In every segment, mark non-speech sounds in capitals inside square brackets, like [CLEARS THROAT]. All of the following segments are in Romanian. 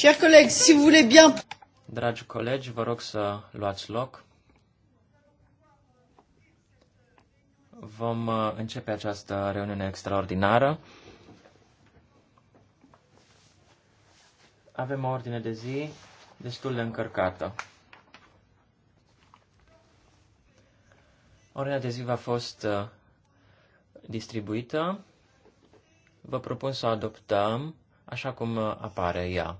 Chers collègues, si vous voulez bien... Dragi colegi, vă rog să luați loc. Vom uh, începe această reuniune extraordinară. Avem o ordine de zi destul de încărcată. Ordinea de zi va fost uh, distribuită. Vă propun să o adoptăm așa cum uh, apare ea.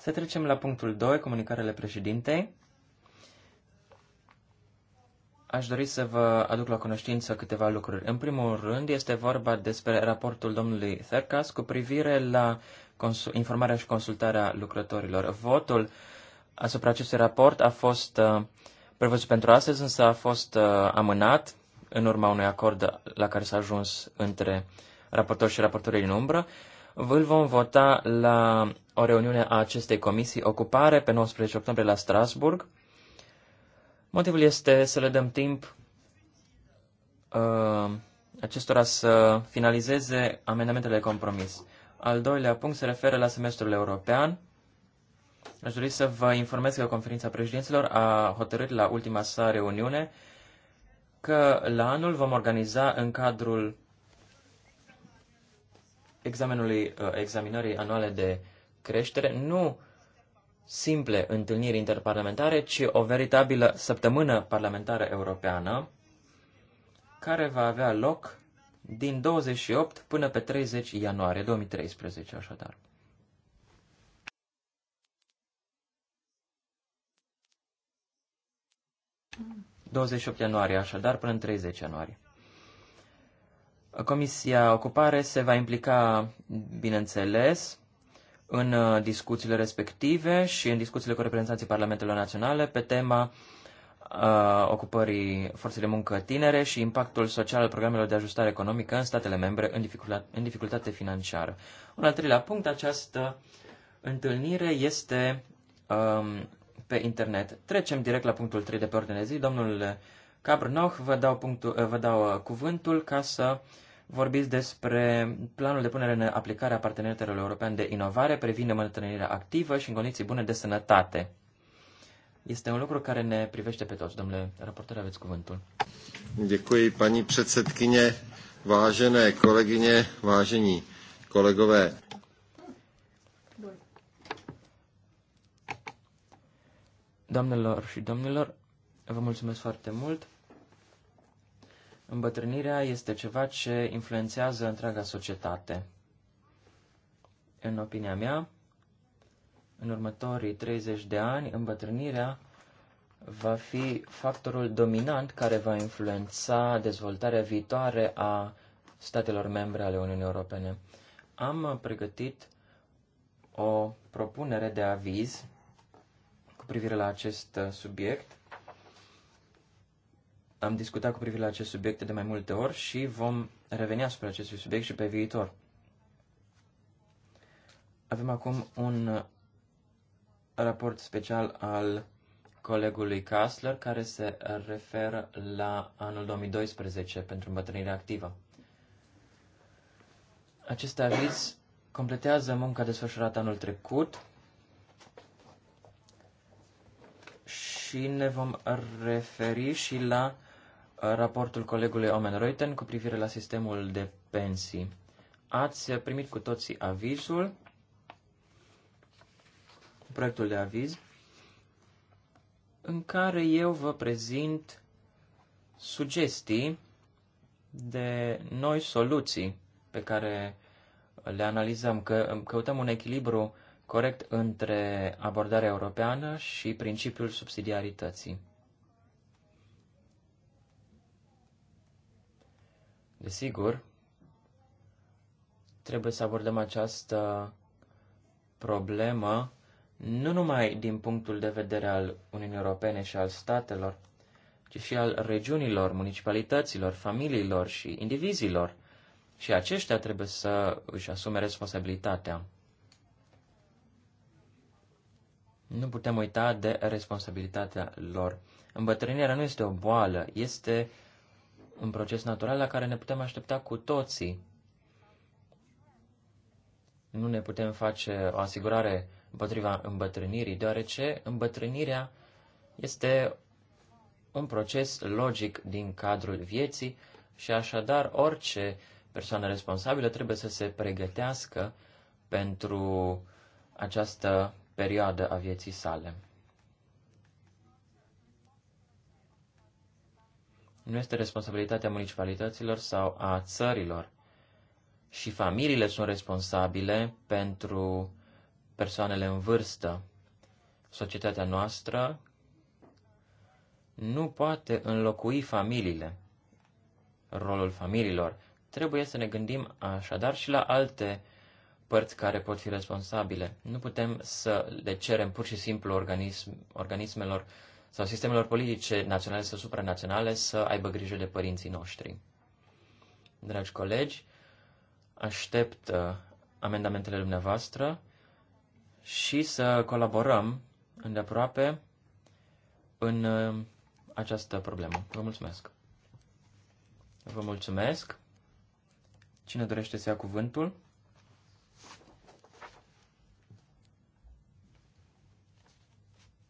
Să trecem la punctul 2, comunicarele președintei. Aș dori să vă aduc la cunoștință câteva lucruri. În primul rând, este vorba despre raportul domnului Thercas cu privire la informarea și consultarea lucrătorilor. Votul asupra acestui raport a fost uh, prevăzut pentru astăzi, însă a fost uh, amânat în urma unui acord la care s-a ajuns între raportor și raportorii din umbră. Uh, îl vom vota la o reuniune a acestei comisii ocupare pe 19 octombrie la Strasburg. Motivul este să le dăm timp uh, acestora să finalizeze amendamentele de compromis. Al doilea punct se referă la semestrul european. Aș dori să vă informez că conferința președinților a hotărât la ultima sa reuniune că la anul vom organiza în cadrul examenului, uh, examinării anuale de creștere, nu simple întâlniri interparlamentare, ci o veritabilă săptămână parlamentară europeană, care va avea loc din 28 până pe 30 ianuarie 2013, așadar. Mm. 28 ianuarie, așadar, până în 30 ianuarie. Comisia Ocupare se va implica, bineînțeles, în uh, discuțiile respective și în discuțiile cu reprezentanții Parlamentelor Naționale pe tema uh, ocupării forței de muncă tinere și impactul social al programelor de ajustare economică în statele membre în, dificultate, în dificultate financiară. Un al treilea punct, această întâlnire este um, pe internet. Trecem direct la punctul 3 de pe ordine de zi. Domnule Cabrnoch, vă dau, punctul, vă dau uh, cuvântul ca să vorbiți despre planul de punere în aplicare a Parteneriatelor Europene de Inovare, privind mătrânirea activă și în condiții bune de sănătate. Este un lucru care ne privește pe toți. Domnule raportor, aveți cuvântul. Děkuji, paní předsedkyně, vážené kolegyně, vážení kolegové. Domnilor și domnilor, Vă mulțumesc foarte mult. Îmbătrânirea este ceva ce influențează întreaga societate. În opinia mea, în următorii 30 de ani, îmbătrânirea va fi factorul dominant care va influența dezvoltarea viitoare a statelor membre ale Uniunii Europene. Am pregătit o propunere de aviz cu privire la acest subiect am discutat cu privire la acest subiect de mai multe ori și vom reveni asupra acestui subiect și pe viitor. Avem acum un raport special al colegului Kassler care se referă la anul 2012 pentru îmbătrânirea activă. Acest aviz completează munca desfășurată anul trecut și ne vom referi și la raportul colegului Omen Reuten cu privire la sistemul de pensii. Ați primit cu toții avizul, proiectul de aviz, în care eu vă prezint sugestii de noi soluții pe care le analizăm, că căutăm un echilibru corect între abordarea europeană și principiul subsidiarității. Desigur, trebuie să abordăm această problemă nu numai din punctul de vedere al Uniunii Europene și al statelor, ci și al regiunilor, municipalităților, familiilor și indivizilor. Și aceștia trebuie să își asume responsabilitatea. Nu putem uita de responsabilitatea lor. Îmbătrânirea nu este o boală, este uh, un proces natural la care ne putem aștepta cu toții. Nu ne putem face o asigurare împotriva îmbătrânirii, deoarece îmbătrânirea este un proces logic din cadrul vieții și așadar orice persoană responsabilă trebuie să se pregătească pentru această perioadă a vieții sale. Nu este responsabilitatea municipalităților sau a țărilor. Și familiile sunt responsabile pentru persoanele în vârstă. Societatea noastră nu poate înlocui familiile, rolul familiilor. Trebuie să ne gândim așadar și la alte părți care pot fi responsabile. Nu putem să le cerem pur și simplu organism, organismelor sau sistemelor politice naționale sau supranaționale să aibă grijă de părinții noștri. Dragi colegi, aștept uh, amendamentele dumneavoastră și să colaborăm îndeaproape în uh, această problemă. Vă mulțumesc! Vă mulțumesc! Cine dorește să ia cuvântul?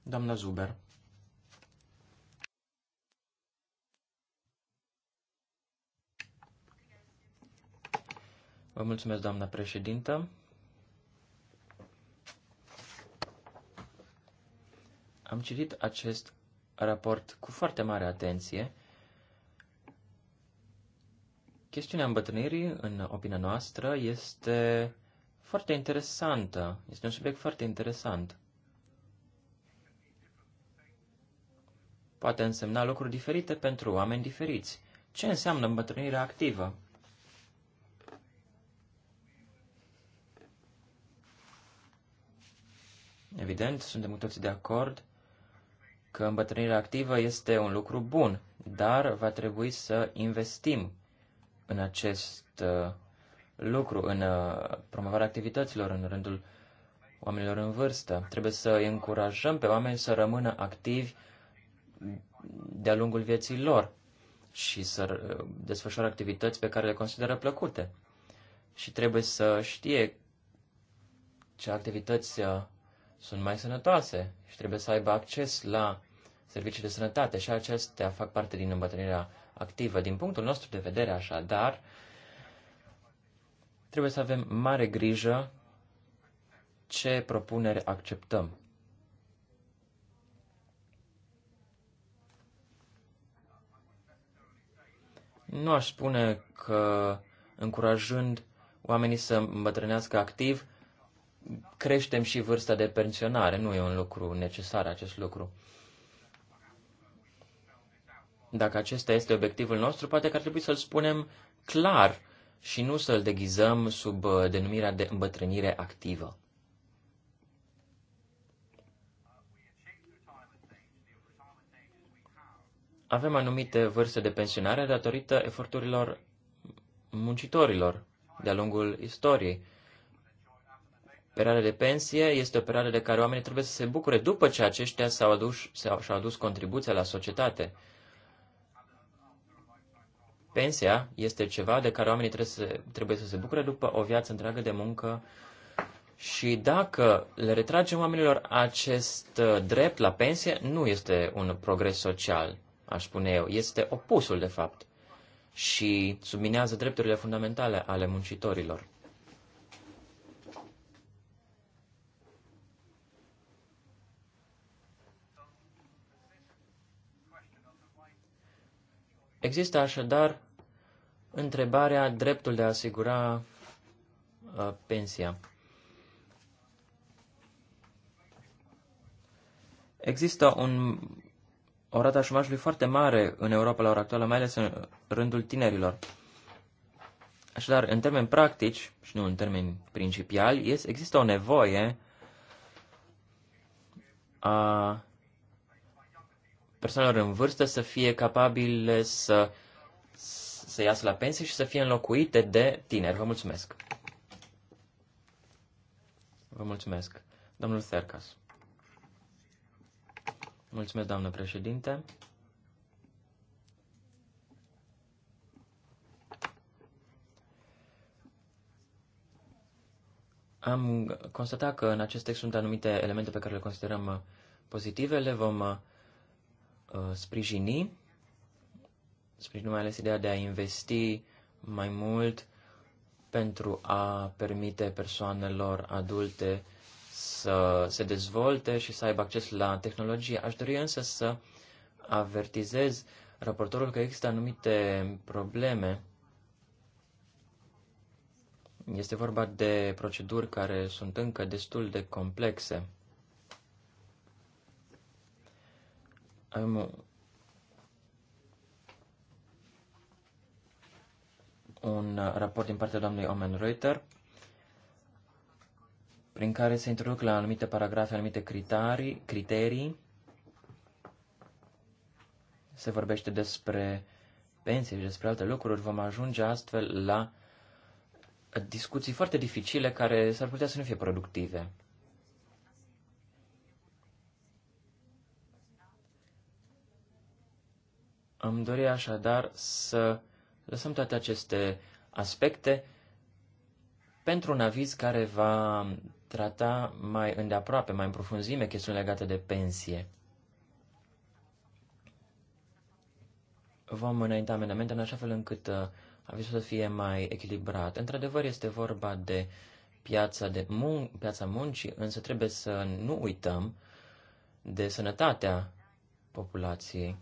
Doamna Zuber. Vă mulțumesc, doamna președintă. Am citit acest raport cu foarte mare atenție. Chestiunea îmbătrânirii, în opinia noastră, este foarte interesantă. Este un subiect foarte interesant. Poate însemna lucruri diferite pentru oameni diferiți. Ce înseamnă îmbătrânirea activă? Evident, suntem cu toții de acord că îmbătrânirea activă este un lucru bun, dar va trebui să investim în acest uh, lucru, în uh, promovarea activităților în rândul oamenilor în vârstă. Trebuie să îi încurajăm pe oameni să rămână activi de-a lungul vieții lor și să uh, desfășoare activități pe care le consideră plăcute. Și trebuie să știe ce activități sunt mai sănătoase și trebuie să aibă acces la servicii de sănătate și acestea fac parte din îmbătrânirea activă. Din punctul nostru de vedere, așadar, trebuie să avem mare grijă ce propuneri acceptăm. Nu aș spune că încurajând oamenii să îmbătrânească activ, creștem și vârsta de pensionare. Nu e un lucru necesar acest lucru. Dacă acesta este obiectivul nostru, poate că ar trebui să-l spunem clar și nu să-l deghizăm sub uh, denumirea de îmbătrânire activă. Avem anumite vârste de pensionare datorită eforturilor muncitorilor de-a lungul istoriei operare de pensie este o operare de care oamenii trebuie să se bucure după ce aceștia s-au adus, s-au, și-au adus contribuția la societate. Pensia este ceva de care oamenii trebuie să, trebuie să se bucure după o viață întreagă de muncă și dacă le retragem oamenilor acest uh, drept la pensie, nu este un progres social, aș spune eu. Este opusul, de fapt. Și subminează drepturile fundamentale ale muncitorilor. Există așadar întrebarea dreptul de a asigura uh, pensia. Există un, o rată a șomajului foarte mare în Europa la ora actuală, mai ales în rândul tinerilor. Așadar, în termeni practici și nu în termeni principiali, există o nevoie a persoanelor în vârstă să fie capabile să, să iasă la pensie și să fie înlocuite de tineri. Vă mulțumesc! Vă mulțumesc. Domnul Sercas. Mulțumesc, doamnă președinte. Am constatat că în acest text sunt anumite elemente pe care le considerăm pozitive, le vom Uh, sprijini, sprijini mai ales ideea de a investi mai mult pentru a permite persoanelor adulte să se dezvolte și să aibă acces la tehnologie. Aș dori însă să avertizez raportorul că există anumite probleme. Este vorba de proceduri care sunt încă destul de complexe. am un uh, raport din partea doamnei Omen Reuter, prin care se introduc la anumite paragrafe, anumite criterii, criterii. Se vorbește despre pensii și despre alte lucruri. Vom ajunge astfel la discuții foarte dificile care s-ar putea să nu fie productive. Am dori așadar să lăsăm toate aceste aspecte pentru un aviz care va trata mai îndeaproape, mai în profunzime chestiuni legate de pensie. Vom înainta amendamente în așa fel încât uh, avizul să fie mai echilibrat. Într-adevăr, este vorba de piața, de mun- piața muncii, însă trebuie să nu uităm de sănătatea populației.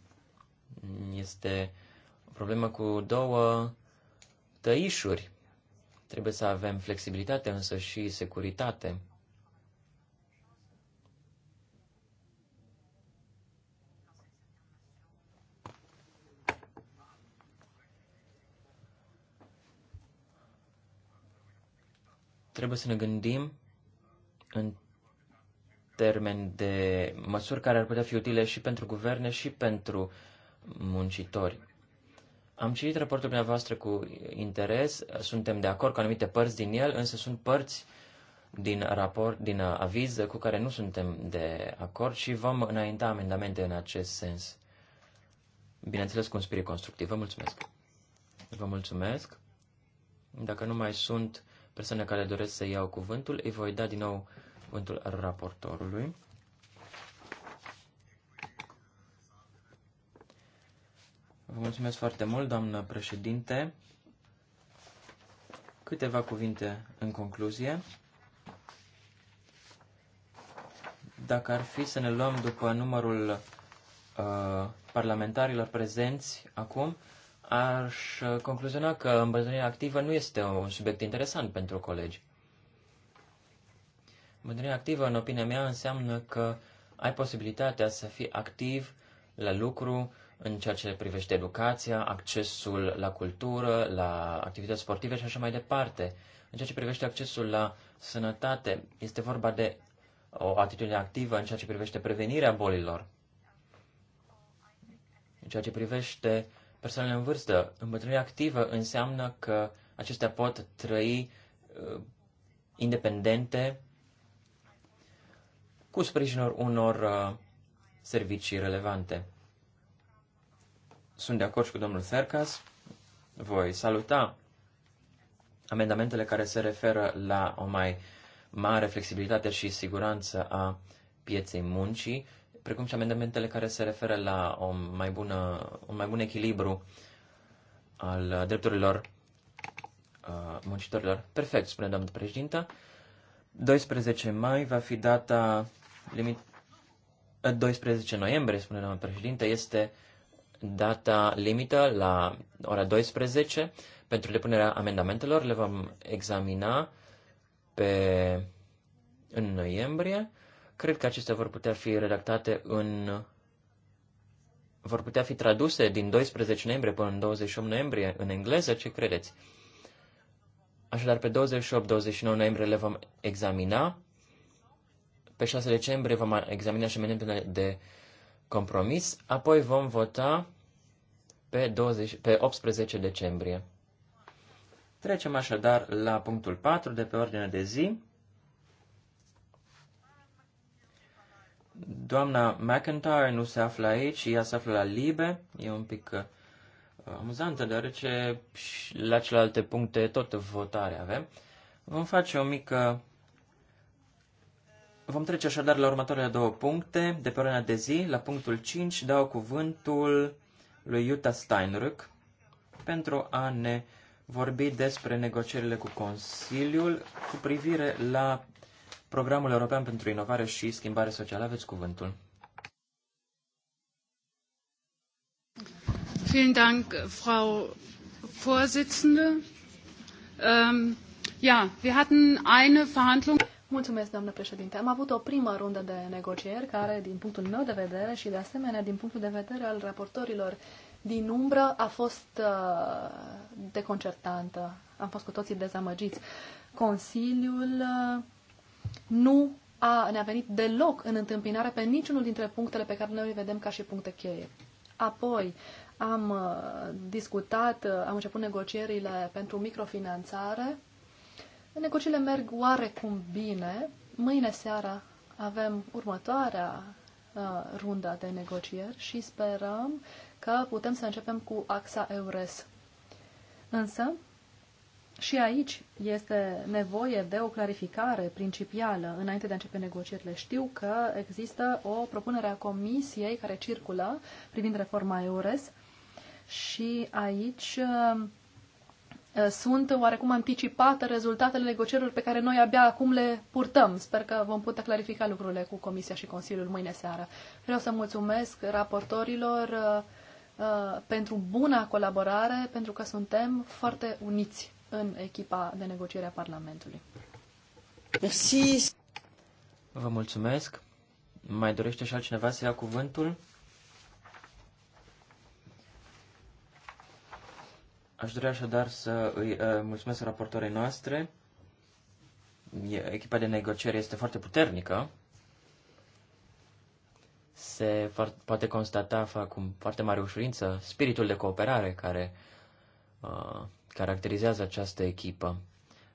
Este o problemă cu două tăișuri. Trebuie să avem flexibilitate însă și securitate. Trebuie să ne gândim în termen de măsuri care ar putea fi utile și pentru guverne și pentru muncitori. Am citit raportul dumneavoastră cu interes, suntem de acord cu anumite părți din el, însă sunt părți din raport, din uh, aviz cu care nu suntem de acord și vom înainta amendamente în acest sens. Bineînțeles cu un spirit constructiv. Vă mulțumesc. Vă mulțumesc. Dacă nu mai sunt persoane care doresc să iau cuvântul, îi voi da din nou cuvântul raportorului. Vă mulțumesc foarte mult, doamnă președinte. Câteva cuvinte în concluzie. Dacă ar fi să ne luăm după numărul uh, parlamentarilor prezenți acum, aș uh, concluziona că îmbătrânirea activă nu este un subiect interesant pentru colegi. Îmbătrânirea activă, în opinia mea, înseamnă că ai posibilitatea să fii activ la lucru, în ceea ce privește educația, accesul la cultură, la activități sportive și așa mai departe. În ceea ce privește accesul la sănătate, este vorba de o atitudine activă în ceea ce privește prevenirea bolilor. În ceea ce privește persoanele în vârstă, îmbătrânirea activă înseamnă că acestea pot trăi uh, independente cu sprijinul unor uh, servicii relevante sunt de acord și cu domnul Sercas. Voi saluta amendamentele care se referă la o mai mare flexibilitate și siguranță a pieței muncii, precum și amendamentele care se referă la o mai bună, un mai bun echilibru al drepturilor uh, muncitorilor. Perfect, spune doamna președintă. 12 mai va fi data limit... 12 uh, noiembrie, spune doamna președinte, este data limită la ora 12 pentru depunerea amendamentelor. Le vom examina pe, în noiembrie. Cred că acestea vor putea fi redactate în vor putea fi traduse din 12 noiembrie până în 28 noiembrie în engleză, ce credeți? Așadar, pe 28-29 noiembrie le vom examina. Pe 6 decembrie vom examina și amendamentele de uh, compromis, apoi vom vota pe, 20, pe 18 decembrie. Trecem așadar la punctul 4 de pe ordinea de zi. Doamna McIntyre nu se află aici, ea se află la Libe. E un pic uh, amuzantă, deoarece la celelalte puncte tot votare avem. Vom face o mică Vom trece așadar la următoarele două puncte de pe ordinea de zi. La punctul 5 dau cuvântul lui Jutta Steinrück pentru a ne vorbi despre negocierile cu Consiliul cu privire la Programul European pentru Inovare și Schimbare Socială. Aveți cuvântul. Vielen Dank, Frau Vorsitzende. Um, ja, wir hatten eine Verhandlung. Mulțumesc, doamnă președinte. Am avut o primă rundă de negocieri care, din punctul meu de vedere și, de asemenea, din punctul de vedere al raportorilor din umbră, a fost uh, deconcertantă. Am fost cu toții dezamăgiți. Consiliul uh, nu a, ne-a venit deloc în întâmpinare pe niciunul dintre punctele pe care noi le vedem ca și puncte cheie. Apoi, am uh, discutat, uh, am început negocierile pentru microfinanțare, Negocierile merg oarecum bine. Mâine seara avem următoarea uh, runda de negocieri și sperăm că putem să începem cu axa EURES. Însă, și aici este nevoie de o clarificare principială înainte de a începe negocierile. Știu că există o propunere a Comisiei care circulă privind reforma EURES și aici uh, Uh, sunt oarecum anticipate rezultatele negocierilor pe care noi abia acum le purtăm. Sper că vom putea clarifica lucrurile cu Comisia și Consiliul mâine seară. Vreau să mulțumesc raportorilor uh, uh, pentru buna colaborare, pentru că suntem foarte uniți în echipa de negociere a Parlamentului. Vă mulțumesc. Mai dorește și altcineva să ia cuvântul? Aș dori așadar să îi uh, mulțumesc raportorii noastre. Echipa de negociere este foarte puternică. Se poate constata cu foarte mare ușurință spiritul de cooperare care uh, caracterizează această echipă.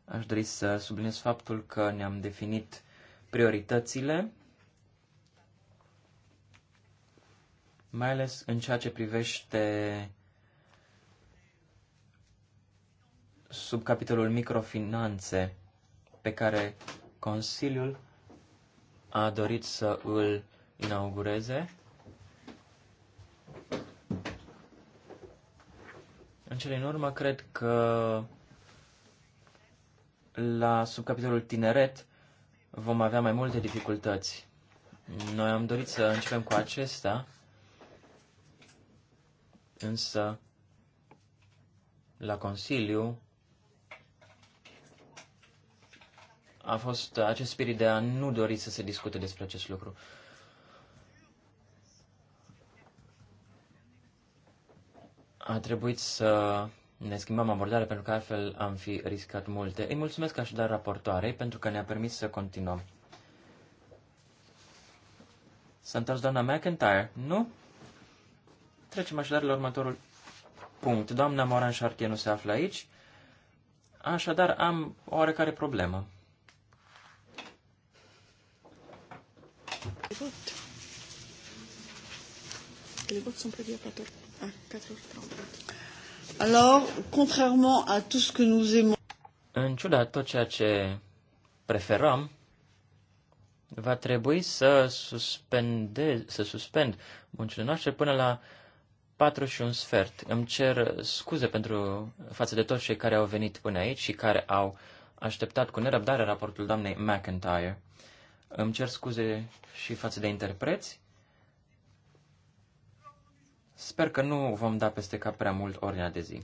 Aș dori să subliniez faptul că ne-am definit prioritățile, mai ales în ceea ce privește sub capitolul microfinanțe pe care Consiliul a dorit să îl inaugureze. În cele în urmă, cred că la subcapitolul tineret vom avea mai multe dificultăți. Noi am dorit să începem cu acesta, însă la Consiliu a fost acest spirit de a nu dori să se discute despre acest lucru. A trebuit să ne schimbăm abordarea pentru că altfel am fi riscat multe. Îi mulțumesc așadar raportoarei pentru că ne-a permis să continuăm. S-a întors doamna McIntyre, nu? Trecem așadar la următorul punct. Doamna Moran Chartier nu se află aici, așadar am oarecare problemă. les votes sont prévus à 14 h 30 Alors, contrairement à tout ce que nous aimons... În ciuda tot ceea ce preferăm, va trebui să, suspende, să suspend muncile noastre până la 4 și un sfert. Îmi cer scuze pentru față de toți cei care au venit până aici și care au așteptat cu nerăbdare raportul doamnei McIntyre. Îmi cer scuze și față de interpreți Sper că nu vom da peste cap prea mult ordinea de zi.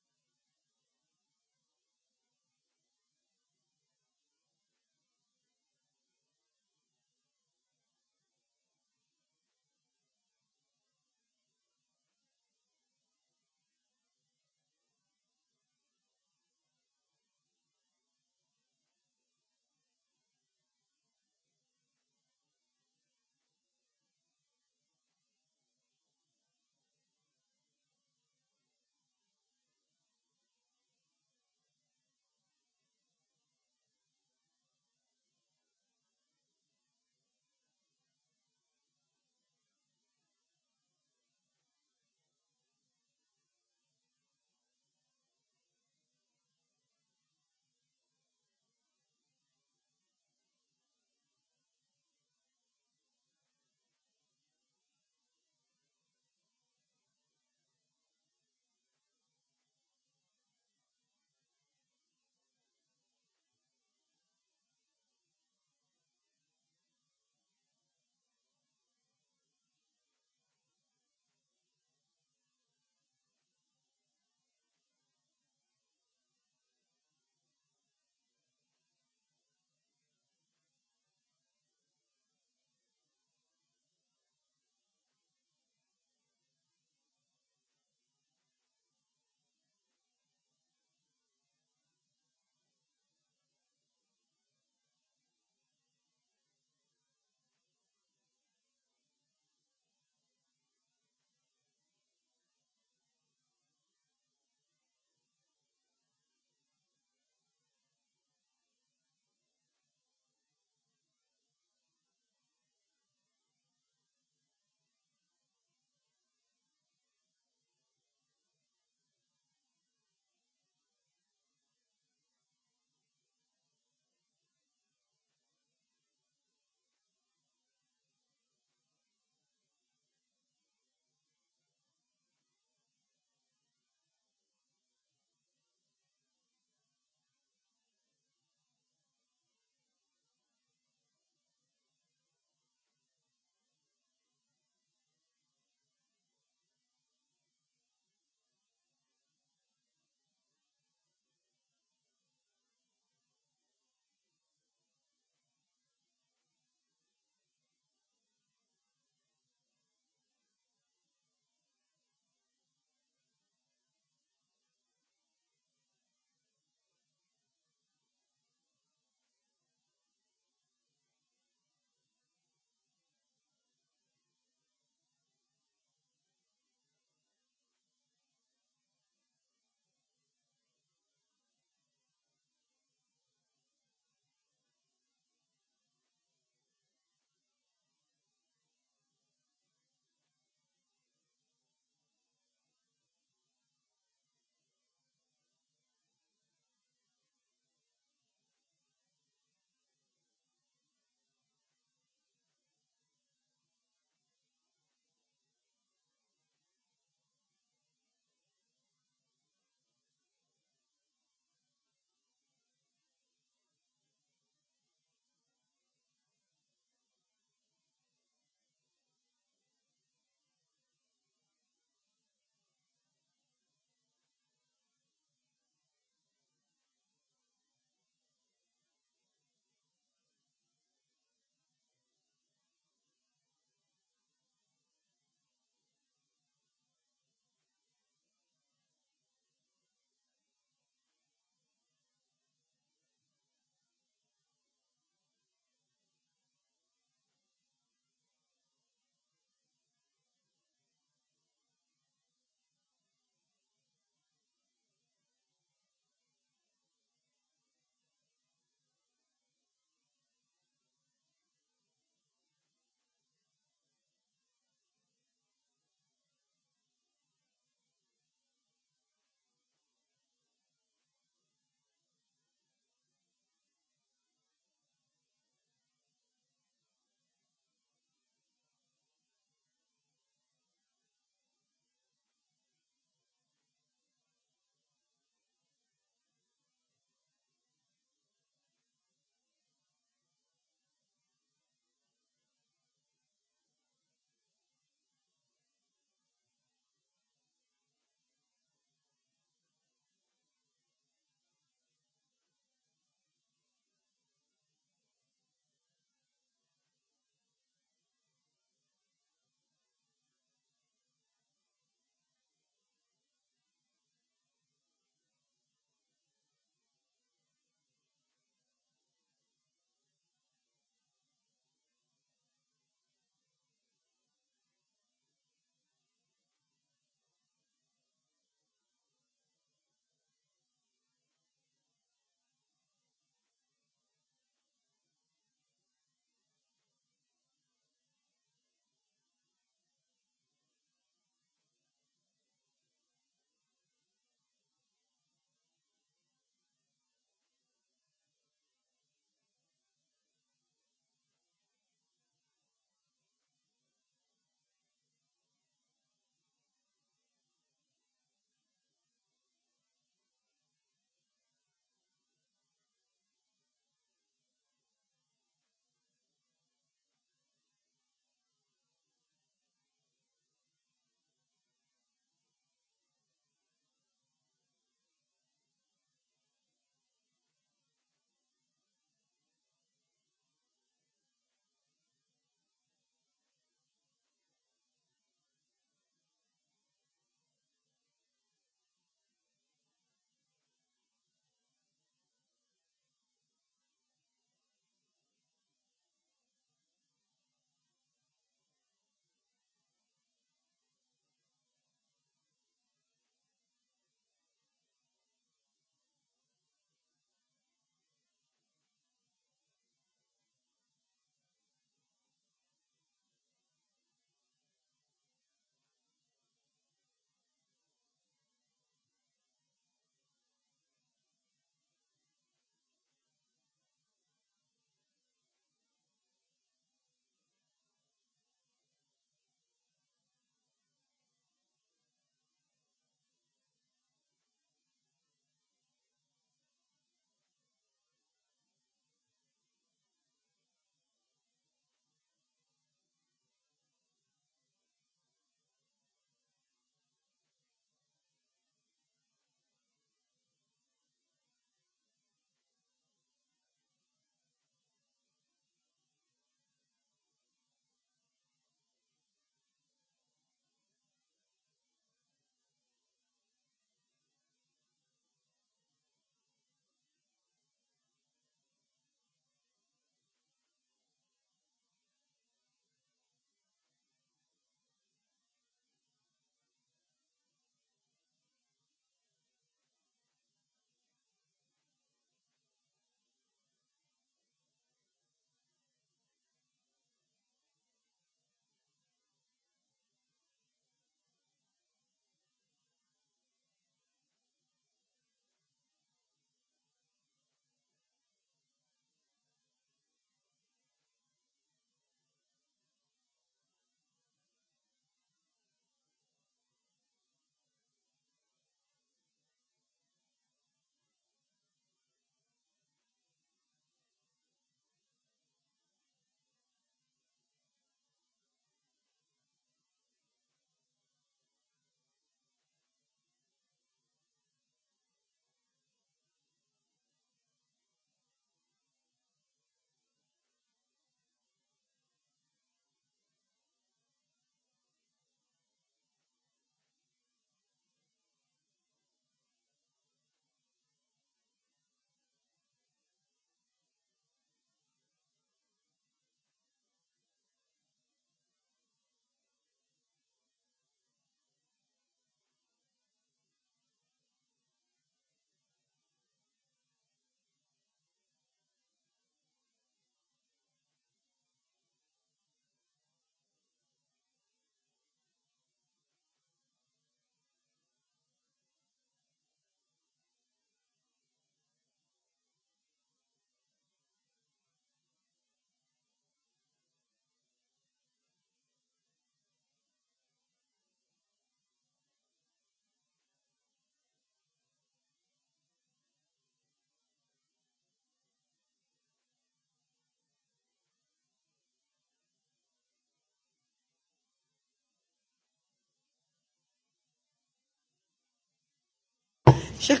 Dragi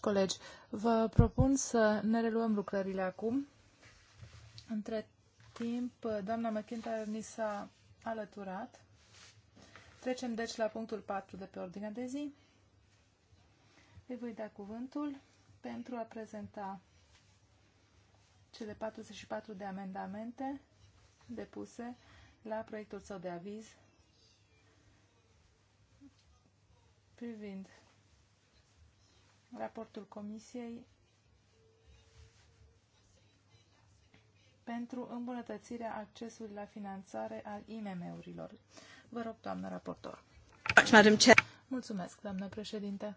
colegi, vă propun să ne reluăm lucrările acum. Între timp, doamna McIntyre ni s-a alăturat. Trecem deci la punctul 4 de pe ordinea de zi. Îi voi da cuvântul pentru a prezenta cele 44 de amendamente depuse la proiectul său de aviz privind raportul Comisiei pentru îmbunătățirea accesului la finanțare al IMM-urilor. Vă rog, doamnă raportor. Mulțumesc, doamnă președinte.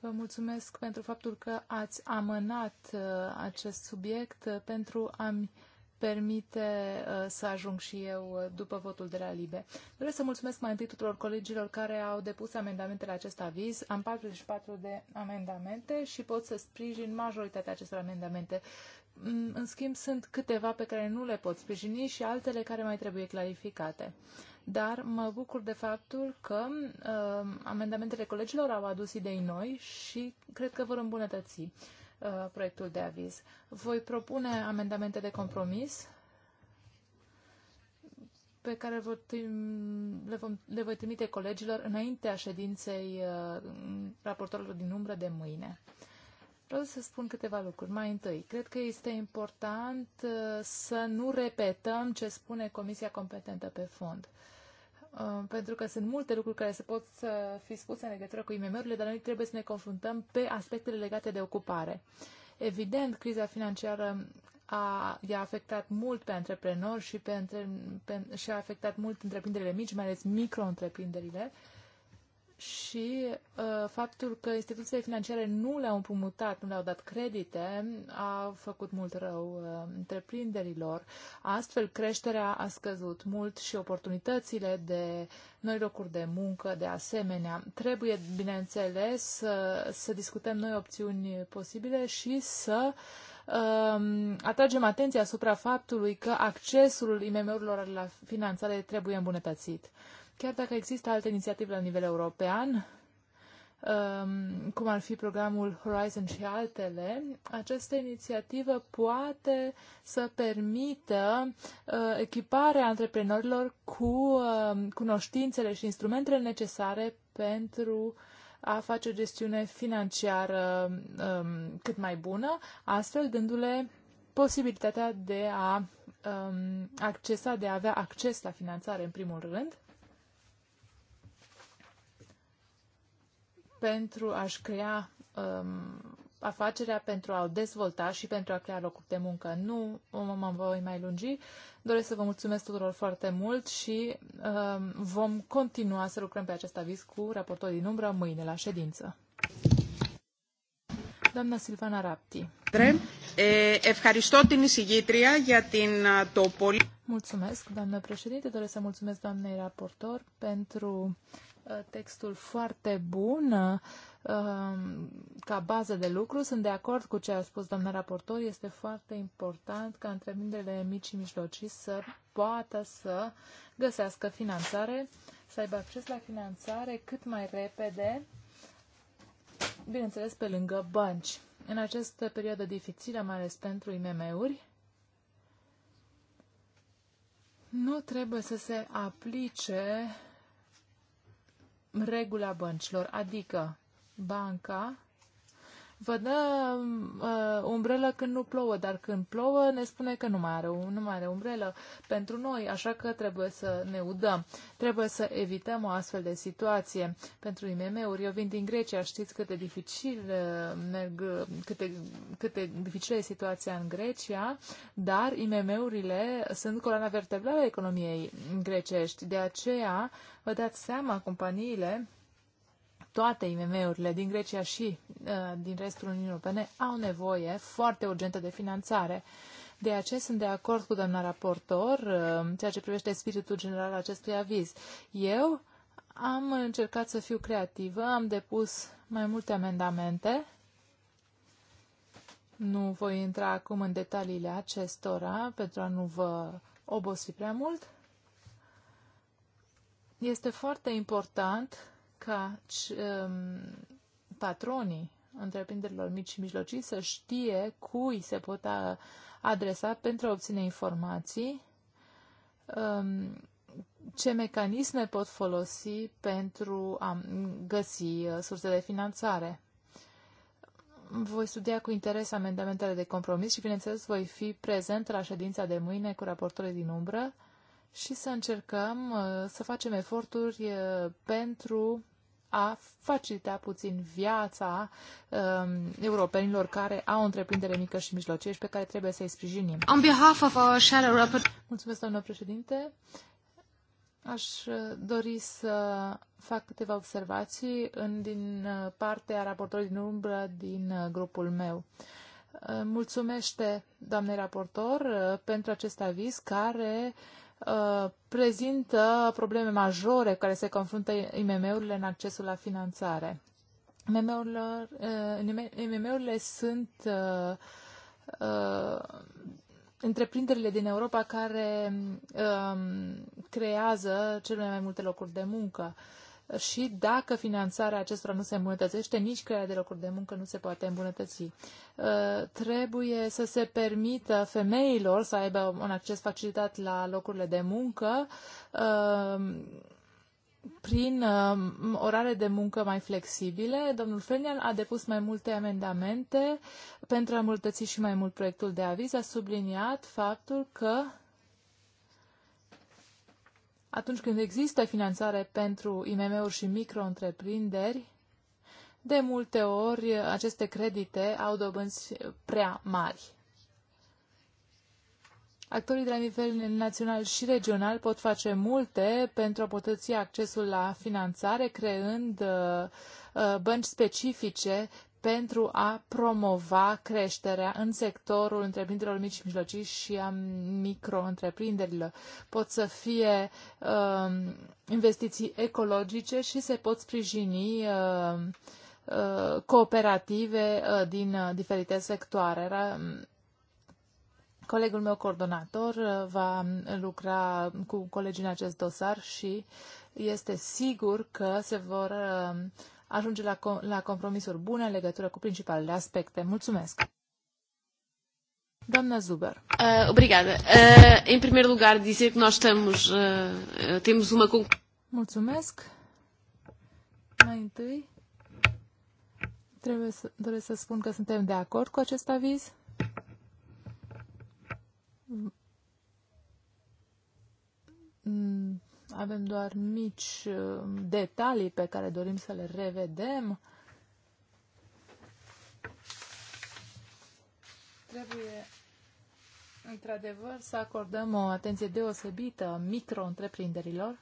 Vă mulțumesc pentru faptul că ați amânat uh, acest subiect uh, pentru a-mi permite uh, să ajung și eu uh, după votul de la Libe. Vreau să mulțumesc mai întâi tuturor colegilor care au depus amendamente la acest aviz. Am 44 de amendamente și pot să sprijin majoritatea acestor amendamente. Mm, în schimb, sunt câteva pe care nu le pot sprijini și altele care mai trebuie clarificate. Dar mă bucur de faptul că uh, amendamentele colegilor au adus idei noi și cred că vor îmbunătăți Uh, proiectul de aviz. Voi propune amendamente de compromis pe care vor, le, vom, le voi trimite colegilor înaintea ședinței uh, raportorilor din umbră de mâine. Vreau să spun câteva lucruri. Mai întâi, cred că este important uh, să nu repetăm ce spune Comisia Competentă pe fond. Uh, Uh, pentru că sunt multe lucruri care se pot să fi spuse în legătură cu IMM-urile, dar noi trebuie să ne confruntăm pe aspectele legate de ocupare. Evident, criza financiară a, i-a afectat mult pe antreprenori și, pe, pe, și a afectat mult întreprinderile mici, mai ales micro-întreprinderile. Uh, și uh, faptul că instituțiile financiare nu le-au împrumutat, nu le-au dat credite, a făcut mult rău uh, întreprinderilor. Astfel, creșterea a scăzut mult și oportunitățile de noi locuri de muncă, de asemenea. Trebuie, bineînțeles, să, să discutăm noi opțiuni posibile și să um, atragem atenția asupra faptului că accesul IMM-urilor la finanțare trebuie îmbunătățit. Uh, Chiar dacă există alte inițiative la nivel european, um, cum ar fi programul Horizon și altele, această inițiativă poate să permită uh, echiparea antreprenorilor cu um, cunoștințele și instrumentele necesare pentru a face o gestiune financiară um, cât mai bună, astfel dându-le posibilitatea de a um, accesa, de a avea acces la finanțare în primul rând pentru a-și crea um, afacerea, pentru a o dezvolta și pentru a crea locuri de muncă. Nu mă voi mai lungi. Doresc să vă mulțumesc tuturor foarte mult și um, vom continua să lucrăm pe acest aviz cu raportul din umbră mâine la ședință. Doamna Silvana Rapti. Eh, uh, mulțumesc, doamnă președinte. Doresc să mulțumesc doamnei raportor pentru Uh, textul foarte bun uh, um, ca bază de lucru. Sunt de acord cu ce a spus doamna raportor. Este foarte important ca întreprinderile mici și mijlocii să poată să găsească finanțare, să aibă acces la finanțare cât mai repede, bineînțeles pe lângă bănci. În această perioadă dificilă, mai ales pentru IMM-uri, nu trebuie să se aplice regula băncilor, adică banca vă dă uh, umbrelă când nu plouă, dar când plouă ne spune că nu mai, are, nu mai are umbrelă pentru noi, așa că trebuie să ne udăm. Trebuie să evităm o astfel de situație pentru IMM-uri. Eu vin din Grecia, știți cât de dificil uh, merg, câte, câte dificilă e situația în Grecia, dar IMM-urile sunt coloana vertebrală a economiei grecești. De aceea, vă dați seama, companiile toate IMM-urile din Grecia și uh, din restul Uniunii Europene au nevoie foarte urgentă de finanțare. De aceea sunt de acord cu doamna raportor uh, ceea ce privește spiritul general acestui aviz. Eu am încercat să fiu creativă, am depus mai multe amendamente. Nu voi intra acum în detaliile acestora pentru a nu vă obosi prea mult. Este foarte important ca um, patronii întreprinderilor mici și mijlocii să știe cui se pot adresa pentru a obține informații, um, ce mecanisme pot folosi pentru a găsi uh, surse de finanțare. Voi studia cu interes amendamentele de compromis și, bineînțeles, voi fi prezent la ședința de mâine cu raportorii din umbră și să încercăm uh, să facem eforturi uh, pentru a facilita puțin viața um, europenilor care au o întreprindere mică și mijlocie și pe care trebuie să-i sprijinim. On behalf of our shadow rapport... Mulțumesc, doamnă președinte. Aș uh, dori să fac câteva observații în, din uh, partea raportorului din umbră din uh, grupul meu. Mulțumește, doamnei raportor, pentru acest aviz care uh, Uh, prezintă probleme majore care se confruntă IMM-urile în accesul la finanțare. IMM-urile uh, sunt uh, întreprinderile din Europa care um, creează cele mai multe locuri de muncă și dacă finanțarea acestora nu se îmbunătățește, nici crearea de locuri de muncă nu se poate îmbunătăți. Uh, trebuie să se permită femeilor să aibă un acces facilitat la locurile de muncă uh, prin uh, orare de muncă mai flexibile. Domnul Fernian a depus mai multe amendamente pentru a îmbunătăți și mai mult proiectul de aviz. A subliniat faptul că uh, atunci când există finanțare pentru IMM-uri și micro-întreprinderi, de multe ori aceste credite au dobânzi prea mari. Actorii de la nivel național și regional pot face multe pentru a potăți accesul la finanțare, creând uh, uh, bănci specifice pentru a promova creșterea în sectorul întreprinderilor mici și mijlocii și a micro-întreprinderilor. Pot să fie uh, investiții ecologice și se pot sprijini uh, uh, cooperative uh, din uh, diferite sectoare. Um, colegul meu coordonator uh, va lucra cu colegii în acest dosar și este sigur că se vor uh, ajunge la, co- la compromisuri bune în legătură cu principalele aspecte. Mulțumesc! Doamna Zuber. Uh, obrigada. Uh, em primeiro lugar, dizer que nós estamos, uh, temos uma Mulțumesc. Mai întâi, trebuie să, doresc să spun că suntem de acord cu acest aviz. Mm avem doar mici uh, detalii pe care dorim să le revedem. Trebuie, într-adevăr, să acordăm o atenție deosebită micro-întreprinderilor.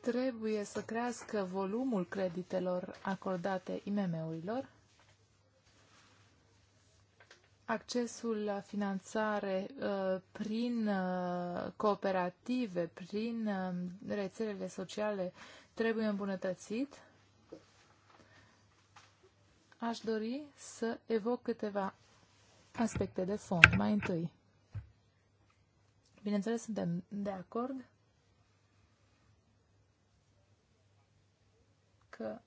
trebuie să crească volumul creditelor acordate IMM-urilor accesul la finanțare uh, prin uh, cooperative, prin uh, rețelele sociale trebuie îmbunătățit, aș dori să evoc câteva aspecte de fond. Mai întâi, bineînțeles, suntem de acord că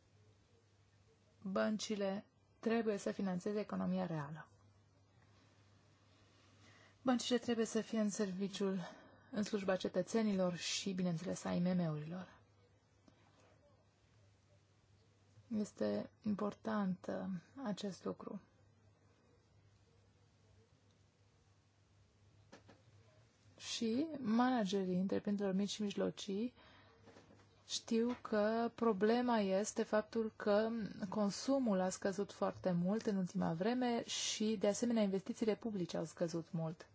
băncile trebuie să finanțeze economia reală. Băncile trebuie să fie în serviciul, în slujba cetățenilor și, bineînțeles, a IMM-urilor. Este important uh, acest lucru. Și managerii întreprinderilor mici și mijlocii știu că problema este faptul că consumul a scăzut foarte mult în ultima vreme și, de asemenea, investițiile publice au scăzut mult.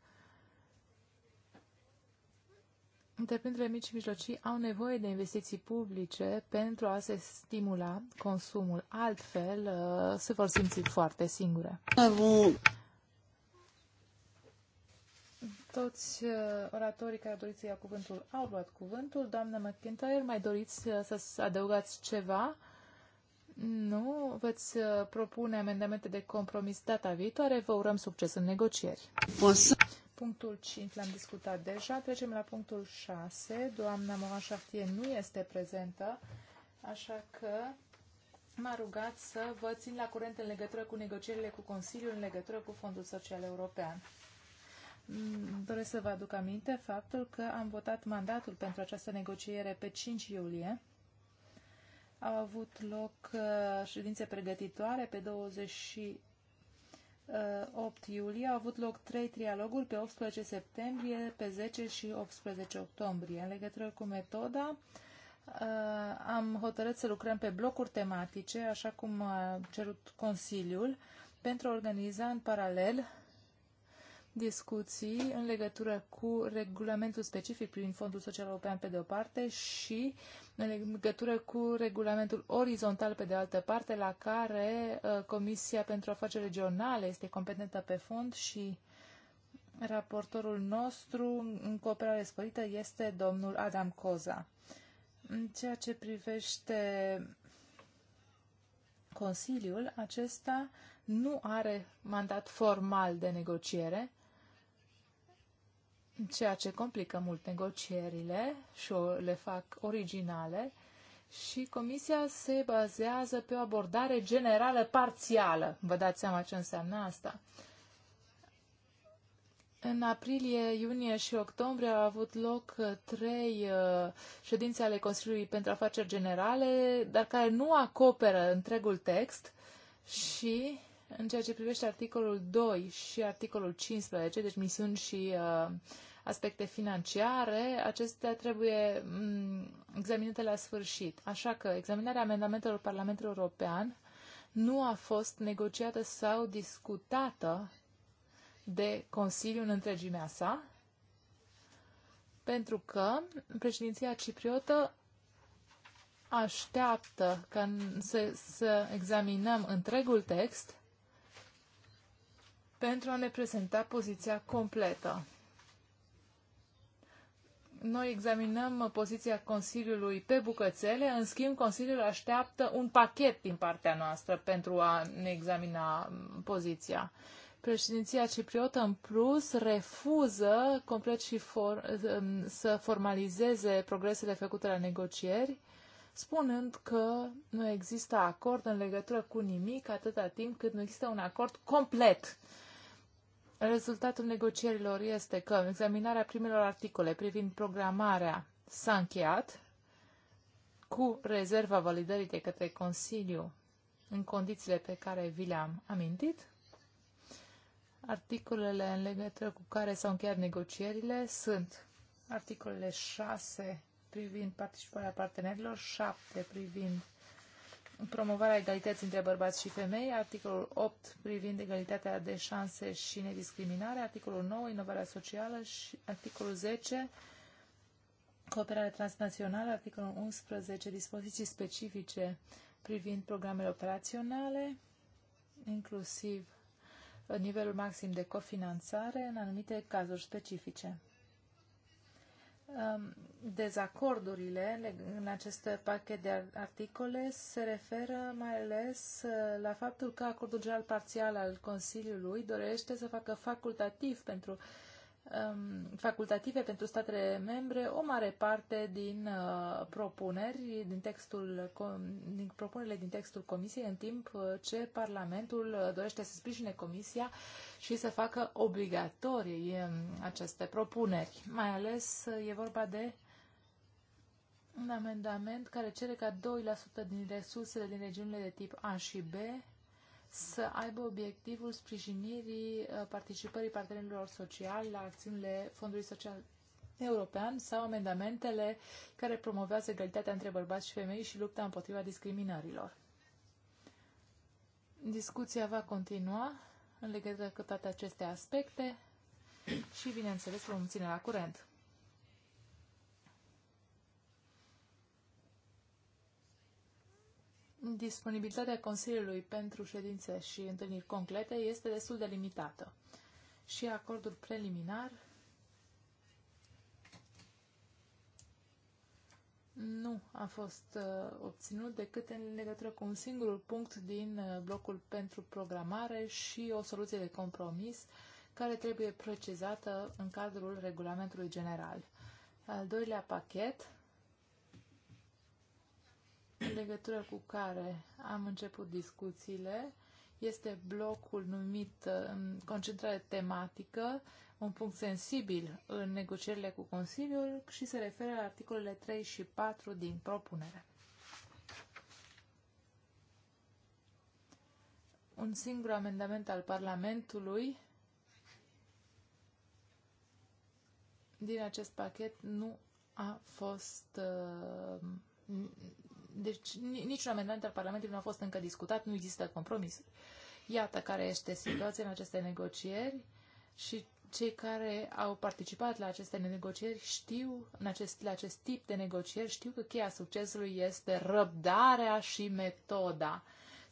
Întreprinderile mici și mijlocii au nevoie de investiții publice pentru a se stimula consumul. Altfel, uh, se vor simți foarte singure. Toți uh, oratorii care doriți să ia cuvântul au luat cuvântul. Doamna McIntyre, mai doriți uh, să adăugați ceva? Nu, veți propune amendamente de compromis data viitoare. Vă urăm succes în negocieri. Punctul 5 l-am discutat deja. Trecem la punctul 6. Doamna Moran Chartier nu este prezentă, așa că m-a rugat să vă țin la curent în legătură cu negocierile cu Consiliul în legătură cu Fondul Social European. Mm, doresc să vă aduc aminte faptul că am votat mandatul pentru această negociere pe 5 iulie. Au avut loc uh, ședințe pregătitoare pe 20 8 uh, iulie au avut loc trei trialoguri pe 18 septembrie, pe 10 și 18 octombrie. În legătură cu metoda, uh, am hotărât să lucrăm pe blocuri tematice, așa cum a cerut Consiliul, pentru a organiza în paralel discuții în legătură cu regulamentul specific prin Fondul Social European pe de o parte și în legătură cu regulamentul orizontal pe de altă parte, la care uh, Comisia pentru Afaceri Regionale este competentă pe fond și raportorul nostru în cooperare sporită este domnul Adam Coza. În ceea ce privește Consiliul, acesta nu are mandat formal de negociere, ceea ce complică mult negocierile și le fac originale și comisia se bazează pe o abordare generală parțială. Vă dați seama ce înseamnă asta. În aprilie, iunie și octombrie au avut loc uh, trei uh, ședințe ale Consiliului pentru Afaceri Generale, dar care nu acoperă întregul text și în ceea ce privește articolul 2 și articolul 15, deci misiuni și uh, aspecte financiare, acestea trebuie mm, examinate la sfârșit. Așa că examinarea amendamentelor Parlamentului European nu a fost negociată sau discutată de Consiliul în întregimea sa, pentru că președinția cipriotă așteaptă ca să, să examinăm întregul text pentru a ne prezenta poziția completă noi examinăm poziția Consiliului pe bucățele, în schimb Consiliul așteaptă un pachet din partea noastră pentru a ne examina poziția. Președinția cipriotă, în plus, refuză complet și for, să formalizeze progresele făcute la negocieri, spunând că nu există acord în legătură cu nimic atâta timp cât nu există un acord complet Rezultatul negocierilor este că examinarea primelor articole privind programarea s-a încheiat cu rezerva validării de către Consiliu în condițiile pe care vi le-am amintit. Articolele în legătură cu care s-au încheiat negocierile sunt articolele 6 privind participarea partenerilor, 7 privind promovarea egalității între bărbați și femei, articolul 8 privind egalitatea de șanse și nediscriminare, articolul 9 inovarea socială și articolul 10 cooperare transnațională, articolul 11 dispoziții specifice privind programele operaționale, inclusiv nivelul maxim de cofinanțare în anumite cazuri specifice. Um, dezacordurile în acest pachet de articole se referă mai ales uh, la faptul că acordul general parțial al Consiliului dorește să facă facultativ pentru uh, Um, facultative pentru statele membre o mare parte din uh, propuneri, din textul, din propunerile din textul Comisiei, în timp uh, ce Parlamentul uh, dorește să sprijine Comisia și să facă obligatorii um, aceste propuneri. Mai ales uh, e vorba de un amendament care cere ca 2% din resursele din regiunile de tip A și B să aibă obiectivul sprijinirii uh, participării partenerilor sociali la acțiunile Fondului Social European sau amendamentele care promovează egalitatea între bărbați și femei și lupta împotriva discriminărilor. Discuția va continua în legătură cu toate aceste aspecte și, bineînțeles, vom ține la curent. disponibilitatea Consiliului pentru ședințe și întâlniri concrete este destul de limitată. Și acordul preliminar nu a fost uh, obținut decât în legătură cu un singur punct din uh, blocul pentru programare și o soluție de compromis care trebuie precizată în cadrul regulamentului general. Al doilea pachet în legătură cu care am început discuțiile este blocul numit uh, concentrare tematică, un punct sensibil în negocierile cu Consiliul și se referă la articolele 3 și 4 din propunere. Un singur amendament al Parlamentului din acest pachet nu a fost uh, deci niciun amendament al Parlamentului nu a fost încă discutat, nu există compromis. Iată care este situația în aceste negocieri și cei care au participat la aceste negocieri știu, în acest, la acest tip de negocieri, știu că cheia succesului este răbdarea și metoda.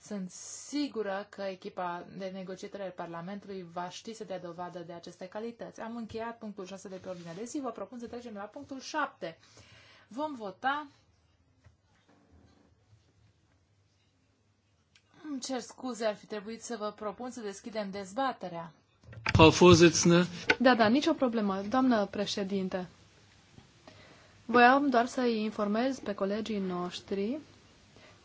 Sunt sigură că echipa de negociere al Parlamentului va ști să dea dovadă de aceste calități. Am încheiat punctul 6 de pe ordinea de zi, vă propun să trecem la punctul 7. Vom vota Îmi cer scuze, ar fi trebuit să vă propun să deschidem dezbaterea. Frau Da, da, nicio problemă, doamnă președinte. Voiam doar să-i informez pe colegii noștri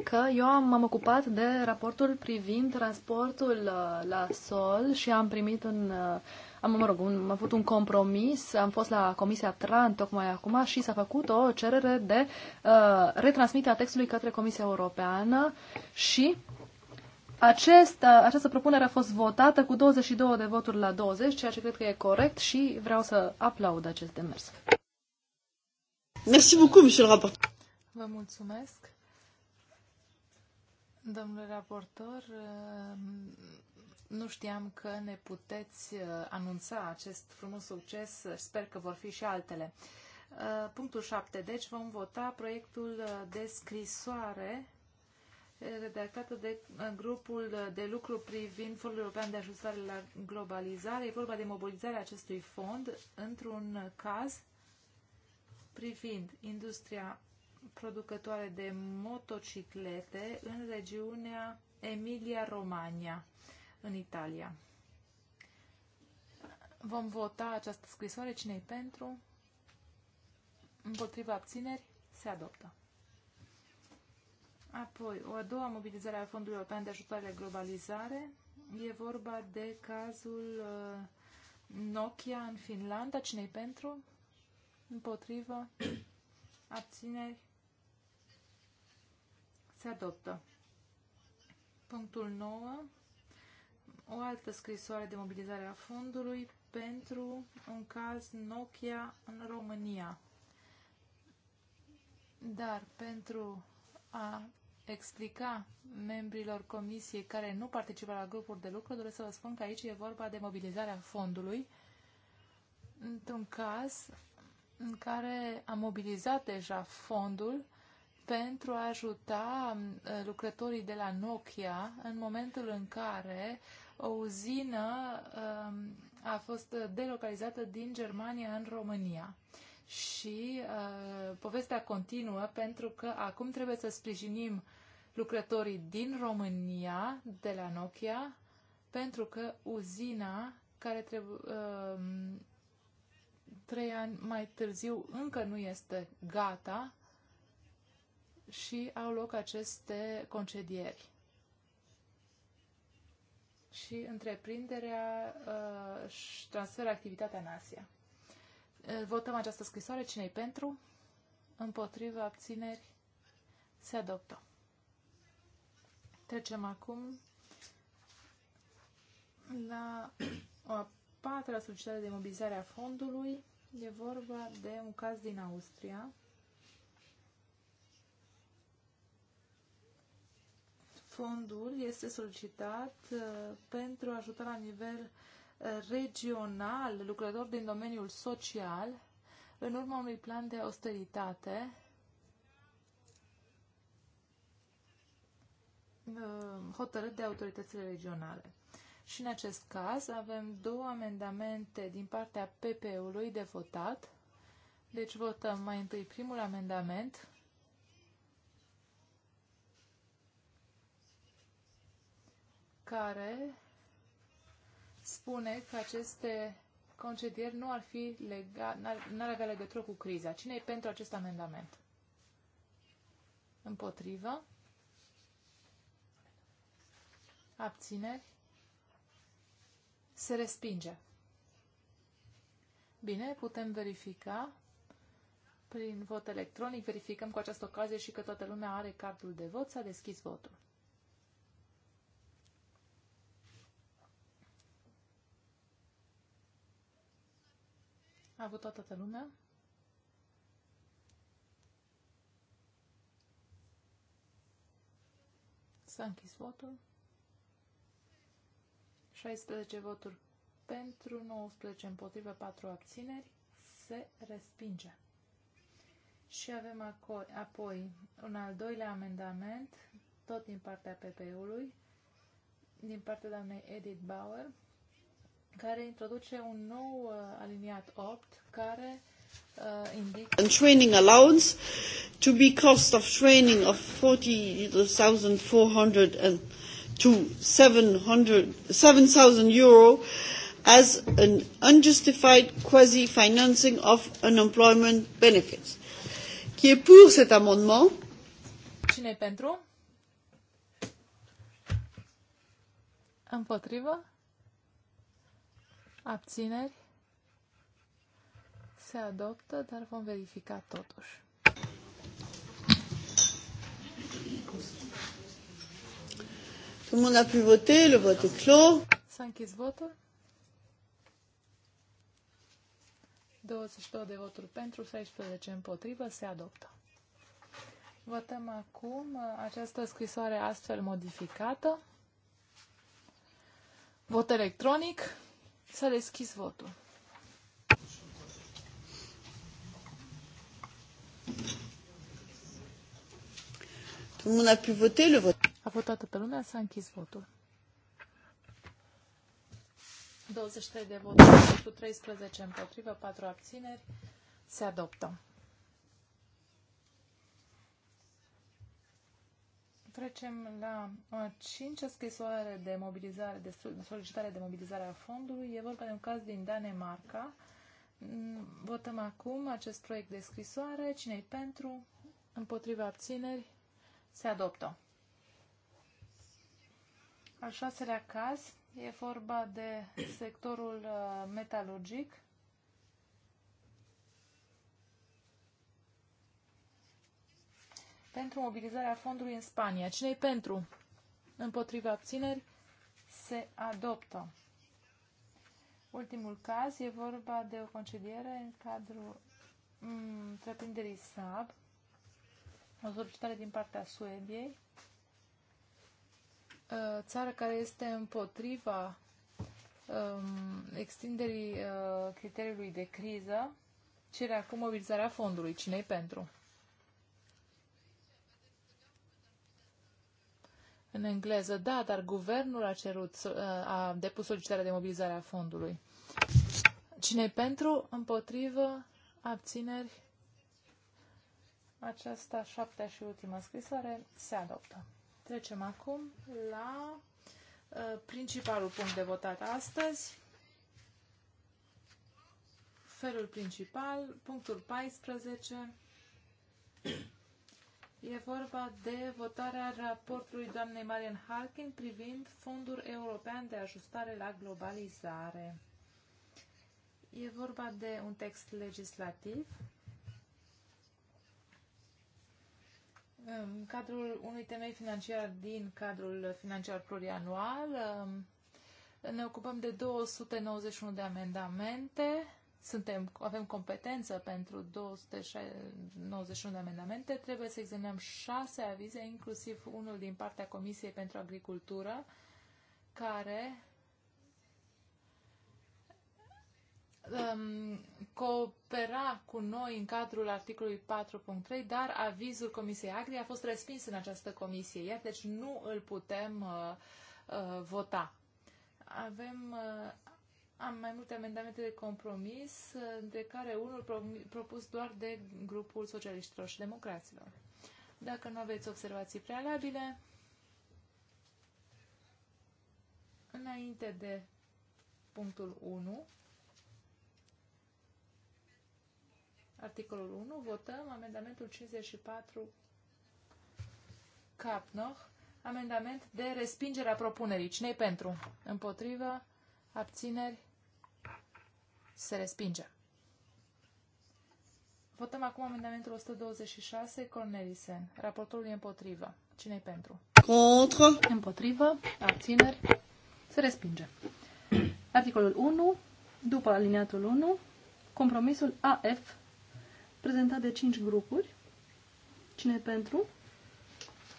că eu m-am ocupat de raportul privind transportul uh, la sol și am primit un, uh, am, mă rog, un, am avut un compromis, am fost la Comisia TRAN tocmai acum și s-a făcut o cerere de uh, retransmitere a textului către Comisia Europeană și acest, această propunere a fost votată cu 22 de voturi la 20, ceea ce cred că e corect și vreau să aplaud acest demers. Merci beaucoup, monsieur le rapporteur. Vă mulțumesc. Domnule raportor, uh, nu știam că ne puteți uh, anunța acest frumos succes. Sper că vor fi și altele. Uh, punctul 7. Deci vom vota proiectul de scrisoare redactată de grupul de lucru privind Fondul European de Ajustare la Globalizare. E vorba de mobilizarea acestui fond într-un caz privind industria producătoare de motociclete în regiunea Emilia-Romagna, în Italia. Vom vota această scrisoare. Cine-i pentru? Împotriva abțineri? Se adoptă. Apoi, o a doua mobilizare a Fondului European de Ajutoare la Globalizare. E vorba de cazul uh, Nokia în Finlanda. Cine-i pentru? Împotrivă? [CLEARS THROAT] Abțineri? Se adoptă. Punctul 9. O altă scrisoare de mobilizare a fondului pentru un caz Nokia în România. Dar pentru a explica membrilor comisiei care nu participă la grupuri de lucru, doresc să vă spun că aici e vorba de mobilizarea fondului într-un caz în care a mobilizat deja fondul pentru a ajuta lucrătorii de la Nokia în momentul în care o uzină a fost delocalizată din Germania în România și uh, povestea continuă pentru că acum trebuie să sprijinim lucrătorii din România, de la Nokia, pentru că uzina care trebuie, uh, trei ani mai târziu încă nu este gata și au loc aceste concedieri. Și întreprinderea uh, transferă activitatea în Asia. Eh, votăm această scrisoare. Cine-i pentru? Împotrivă, abțineri, se adoptă. Trecem acum la o a patra solicitare de mobilizare a fondului. E vorba de un caz din Austria. Fondul este solicitat eh, pentru ajutor la nivel uh, regional, lucrător din domeniul social, în urma unui plan de austeritate uh, hotărât de autoritățile regionale. Și în acest caz avem două amendamente din partea PP-ului de votat. Deci votăm mai întâi primul amendament. care spune că aceste concedieri nu ar fi lega, n-ar, n-ar avea legătură cu criza. Cine e pentru acest amendament? Împotrivă? Abțineri? Se respinge. Bine, putem verifica prin vot electronic. Verificăm cu această ocazie și că toată lumea are cardul de vot. S-a deschis votul. A votat toată lumea? S-a închis votul. 16 voturi pentru, 19 împotrivă, 4 abțineri. Se respinge. Și avem apoi un al doilea amendament, tot din partea PP-ului, din partea doamnei Edith Bauer, care introduce un nou uh, aliniat 8 care uh, indică and training allowance to be cost of training of 40,400 to 700 7,000 euro as an unjustified quasi-financing of unemployment benefits. Qui est pour cet amendement? Cine pentru? Împotrivă? Abțineri? Se adoptă, dar vom verifica totuși. Tout le monde a pu voter, le vote est clos. S-a închis votul. 22 de voturi pentru, 16 împotrivă, se adoptă. Votăm acum uh, această scrisoare astfel modificată. Vot electronic. Să deschis votul. Tout le monde a A votat toată lumea, s-a închis votul. 23 de voturi cu 13 împotrivă, 4 abțineri. Se adoptă. Trecem la a cincea scrisoare de mobilizare, de solicitare de mobilizare a fondului. E vorba de un caz din Danemarca. Mm, votăm acum acest proiect de scrisoare. cine e pentru? Împotriva abțineri? Se adoptă. Al șaselea caz e vorba de sectorul uh, metalurgic. pentru mobilizarea fondului în Spania. Cine-i pentru? Împotriva abțineri se adoptă. Ultimul caz e vorba de o concediere în cadrul mm, întreprinderii SAB, o solicitare din partea Suediei, ă, țară care este împotriva um, extinderii uh, criteriului de criză, cere acum mobilizarea fondului. cine pentru? în engleză. Da, dar guvernul a cerut, uh, a depus solicitarea de mobilizare a fondului. Cine pentru, împotrivă, abțineri? Aceasta șaptea și ultima scrisoare se adoptă. Trecem acum la uh, principalul punct de votat astăzi. Felul principal, punctul 14. E vorba de votarea raportului doamnei Marian Harkin privind Fondul European de Ajustare la Globalizare. E vorba de un text legislativ în cadrul unui temei financiar din cadrul financiar plurianual. Ne ocupăm de 291 de amendamente suntem, avem competență pentru 291 de amendamente, trebuie să examinăm șase avize, inclusiv unul din partea Comisiei pentru Agricultură, care um, coopera cu noi în cadrul articolului 4.3, dar avizul Comisiei Agri a fost respins în această comisie, iar deci nu îl putem uh, uh, vota. Avem uh, am mai multe amendamente de compromis, de care unul propus doar de grupul socialiștilor și democraților. Dacă nu aveți observații prealabile, înainte de punctul 1, articolul 1, votăm amendamentul 54 Capnoch, amendament de respingere a propunerii. cine pentru? Împotrivă? Abțineri? Se respinge. Votăm acum amendamentul 126, Cornelisen. Raportul e împotrivă. cine pentru? Contra Împotrivă. Abțineri. Se respinge. Articolul 1, după aliniatul 1, compromisul AF, prezentat de 5 grupuri. cine pentru?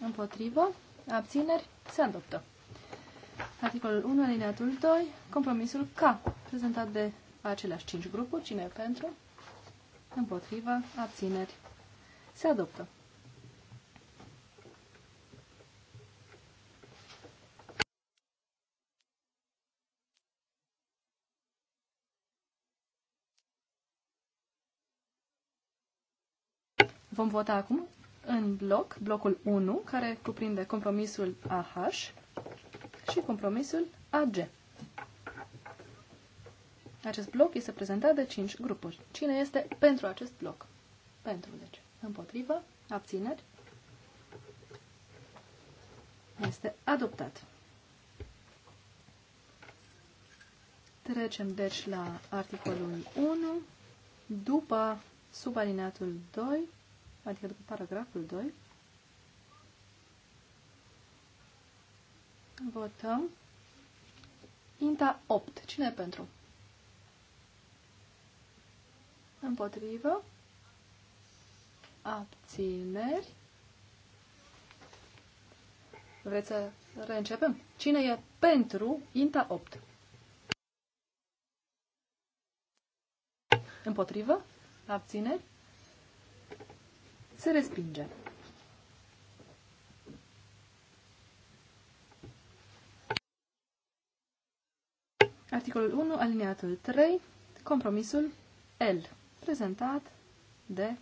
Împotrivă. Abțineri. Se adoptă. Articolul 1, alineatul 2, compromisul K, prezentat de aceleași cinci grupuri. Cine e pentru? Împotrivă. Abțineri. Se adoptă. Vom vota acum în bloc, blocul 1, care cuprinde compromisul AH și compromisul AG. Acest bloc este prezentat de 5 grupuri. Cine este pentru acest bloc? Pentru, deci. Împotrivă, abțineri. Este adoptat. Trecem, deci, la articolul 1, după subalineatul 2, adică după paragraful 2. Votăm. Inta 8. Cine e pentru? împotrivă, abțineri. Vreți să reîncepem? Cine e pentru INTA 8? Împotrivă? Abțineri? Se respinge. Articolul 1, alineatul 3, compromisul L prezentat de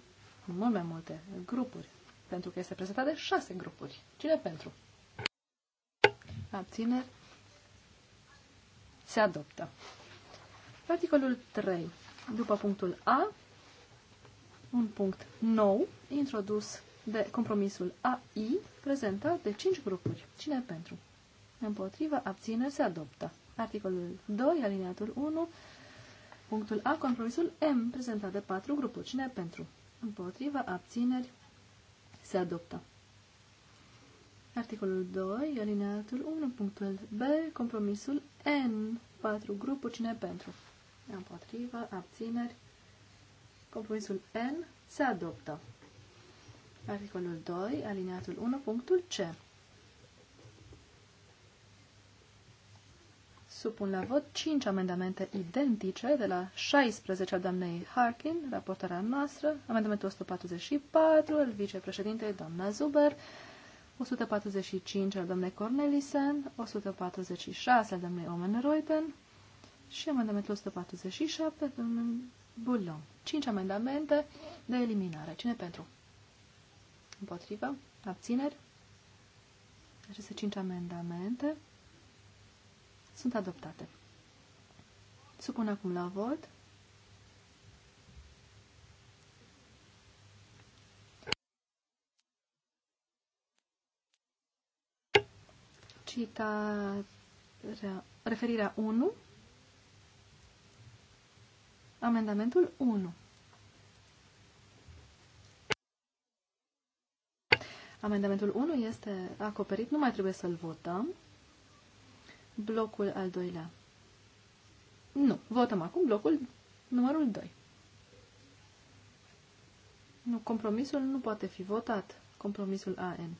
mult mai multe grupuri, pentru că este prezentat de șase grupuri. Cine pentru? Abțineri. Se adoptă. Articolul 3. După punctul A, un punct nou, introdus de compromisul AI, prezentat de 5 grupuri. Cine pentru? Împotriva, abțineri, se adoptă. Articolul 2, alineatul 1, punctul A, compromisul M, prezentat de patru grupuri. Cine pentru? Împotriva, abțineri, se adoptă. Articolul 2, alineatul 1, punctul B, compromisul N, patru grupuri. Cine pentru? Împotriva, abțineri, compromisul N se adoptă. Articolul 2, alineatul 1, punctul C. supun la vot cinci amendamente identice de la 16 a doamnei Harkin, raportarea noastră, amendamentul 144 al vicepreședintei doamna Zuber, 145 al doamnei Cornelisen, 146 al doamnei Omen Reuten și amendamentul 147 al doamnei Bullon. Cinci amendamente de eliminare. Cine pentru? Împotrivă? Abțineri? Aceste cinci amendamente sunt adoptate. Supun acum la vot. Citarea, referirea 1, amendamentul 1. Amendamentul 1 este acoperit, nu mai trebuie să-l votăm blocul al doilea. Nu. Votăm acum blocul numărul 2. Nu, compromisul nu poate fi votat. Compromisul AN.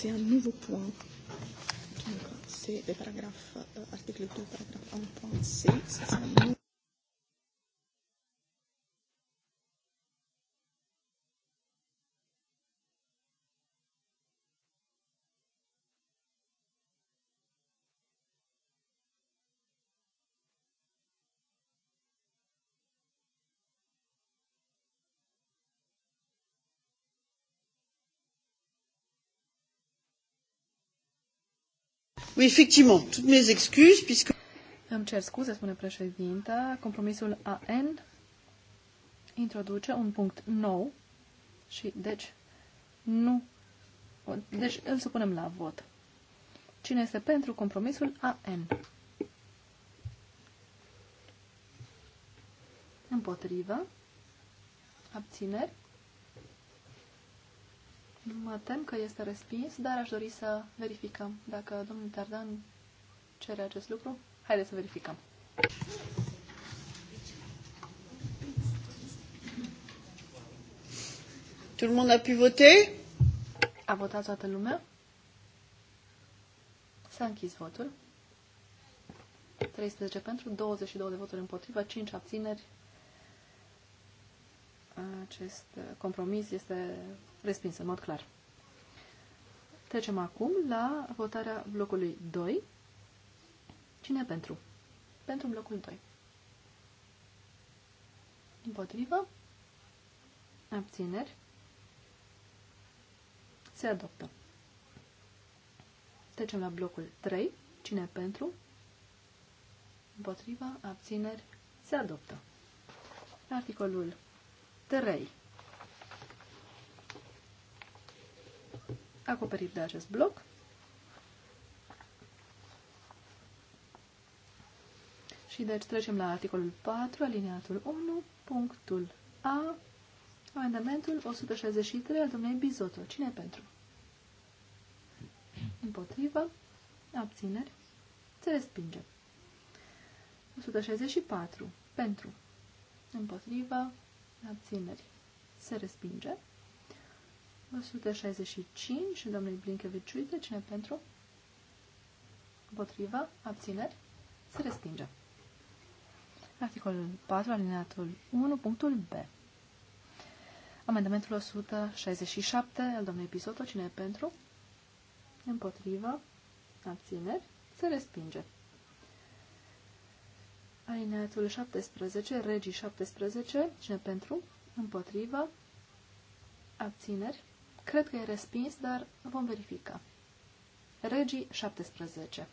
C'est uh, un nouveau point. C'est le paragraphe, euh, article 2, paragraphe 1.6. C'est un nouveau Îmi cer scuze, spune președinte. Compromisul AN introduce un punct nou și, deci, nu... Deci, îl supunem la vot. Cine este pentru compromisul AN? Împotrivă. Abțineri. Mă tem că este respins, dar aș dori să verificăm. Dacă domnul Tardan cere acest lucru, haideți să verificăm. Tout le monde a pu voter A votat toată lumea? S-a închis votul. 13 pentru, 22 de voturi împotriva, 5 abțineri, acest compromis este respins în mod clar. Trecem acum la votarea blocului 2. Cine pentru? Pentru blocul 2. Împotrivă. Abțineri. Se adoptă. Trecem la blocul 3. Cine pentru? Împotrivă. Abțineri. Se adoptă. Articolul 3. Acoperit de acest bloc. Și deci trecem la articolul 4, alineatul 1, punctul A, amendamentul 163 al domnului Bizotto. Cine pentru? Împotrivă. Abțineri. Se respinge. 164. Pentru. împotriva, abțineri, se respinge. 165, Blinkevici, uite cine pentru? potriva abțineri, se respinge. Articolul 4, alineatul 1, punctul B. Amendamentul 167 al domnului Pisoto, cine e pentru? Împotriva, abțineri, se respinge alineatul 17, regii 17, cine pentru, împotrivă, abțineri. Cred că e respins, dar vom verifica. Regii 17.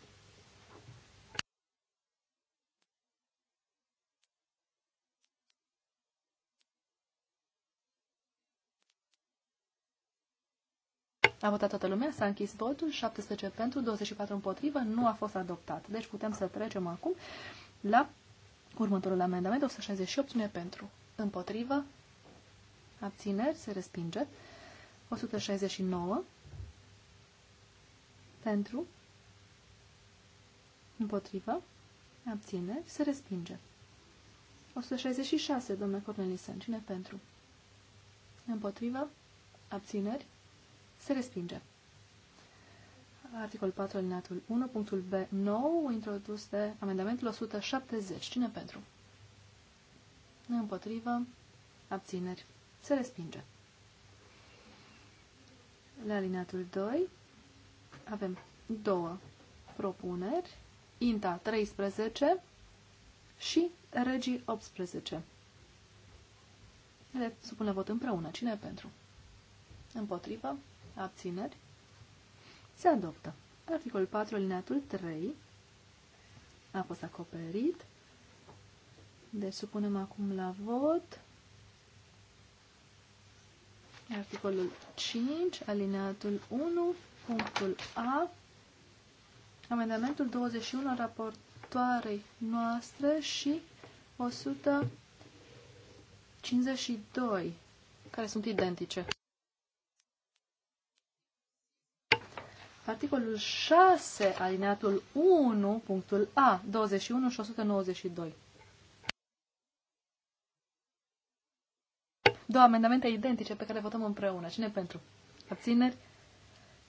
A votat toată lumea, s-a închis votul, 17 pentru, 24 împotrivă, nu a fost adoptat. Deci putem să trecem acum la Următorul amendament, 168, e pentru? Împotrivă? Abțineri? Se respinge. 169. Pentru? Împotrivă? Abțineri? Se respinge. 166, domnule Cornelisen, cine pentru? Împotrivă? Abțineri? Se respinge. Articol 4, alineatul 1, punctul B9, introdus de amendamentul 170. Cine pentru? Împotrivă. Abțineri. Se respinge. La alineatul 2 avem două propuneri. INTA 13 și regii 18. Le supun la vot împreună. Cine pentru? Împotrivă. Abțineri se adoptă. Articolul 4, alineatul 3, a fost acoperit. Deci supunem acum la vot articolul 5, alineatul 1, punctul A, amendamentul 21 al raportoarei noastre și 152, care sunt identice. Articolul 6, alineatul 1, punctul A, 21 și 192. Două amendamente identice pe care le votăm împreună. Cine pentru? Abțineri?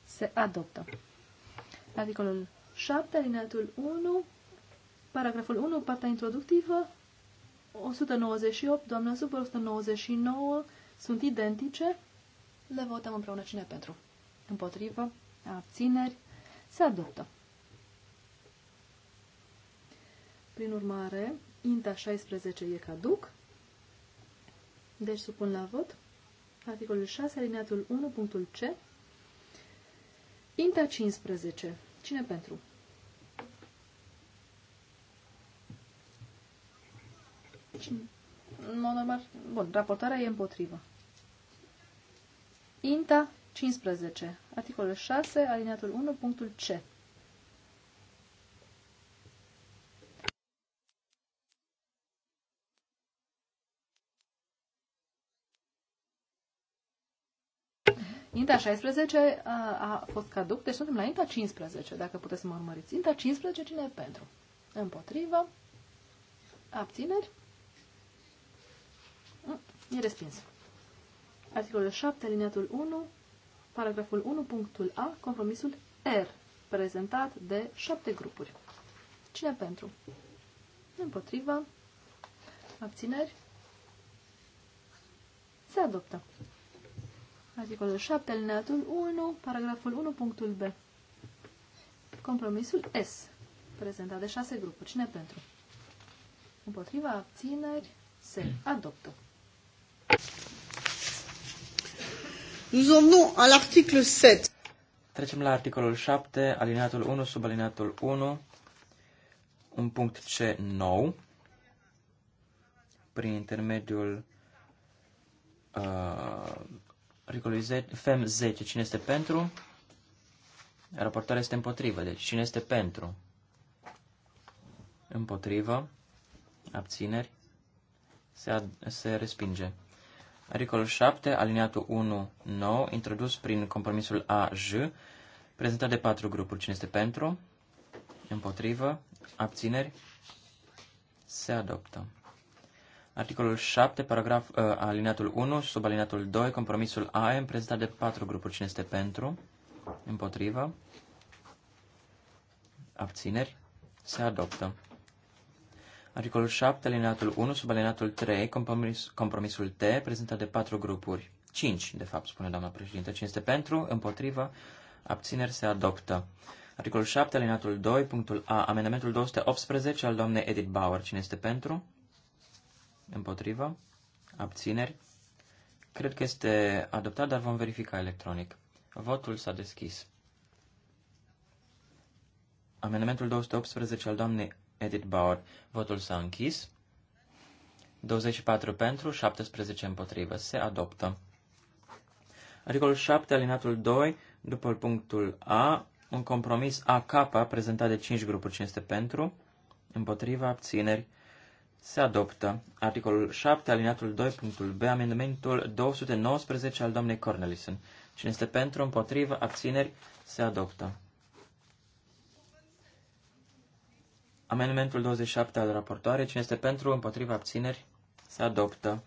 Se adoptă. Articolul 7, alineatul 1, paragraful 1, partea introductivă, 198, doamna supăr, 199, sunt identice. Le votăm împreună. Cine pentru? Împotrivă? abțineri, se adoptă. Prin urmare, INTA 16 e caduc, deci supun la vot articolul 6, alineatul 1, punctul C, INTA 15. Cine pentru? Cine? În mod normal, bun, raportarea e împotrivă. INTA 15. Articolul 6, alineatul 1, punctul C. Inta 16 a, a fost caduc, deci suntem la Inta 15, dacă puteți să mă urmăriți. Inta 15, cine e pentru? Împotrivă. Abțineri. Mm, e respins. Articolul 7, alineatul 1, paragraful 1, punctul A, compromisul R, prezentat de șapte grupuri. Cine pentru? Împotrivă. Abțineri. Se adoptă. Articolul 7, alineatul 1, paragraful 1, punctul B. Compromisul S, prezentat de șase grupuri. Cine pentru? Împotriva abțineri se adoptă. Nous en venons à l'article 7. Trecem la articolul 7, alineatul 1, sub subalineatul 1, un punct C nou, prin intermediul uh, articolului 10, FEM 10. Cine este pentru? Raportarea este împotrivă, deci cine este pentru? Împotrivă, abțineri, se, ad- se respinge. Articolul 7, aliniatul 1, 9, introdus prin compromisul AJ, prezentat de patru grupuri. Cine este pentru? Împotrivă? Abțineri? Se adoptă. Articolul 7, paragraf, uh, alineatul 1, sub alineatul 2, compromisul AM, prezentat de patru grupuri. Cine este pentru? Împotrivă? Abțineri? Se adoptă. Articolul 7, alineatul 1, sub alineatul 3, compromis, compromisul T, prezentat de patru grupuri. 5, de fapt, spune doamna președinte. 5 este pentru, împotrivă, abțineri se adoptă. Articolul 7, alineatul 2, punctul A, amendamentul 218 al doamnei Edith Bauer. Cine este pentru? Împotrivă, abțineri. Cred că este adoptat, dar vom verifica electronic. Votul s-a deschis. Amendamentul 218 al doamnei Edith Bauer. Votul s-a închis. 24 pentru, 17 împotrivă. Se adoptă. Articolul 7, alinatul 2, după punctul A, un compromis AK prezentat de 5 grupuri. 500 pentru? Împotriva abțineri. Se adoptă. Articolul 7, alinatul 2, punctul B, amendamentul 219 al doamnei Cornelison. Cine este pentru? Împotriva abțineri. Se adoptă. Amendamentul 27 al raportoarei, cine este pentru, împotriva, abțineri, se adoptă.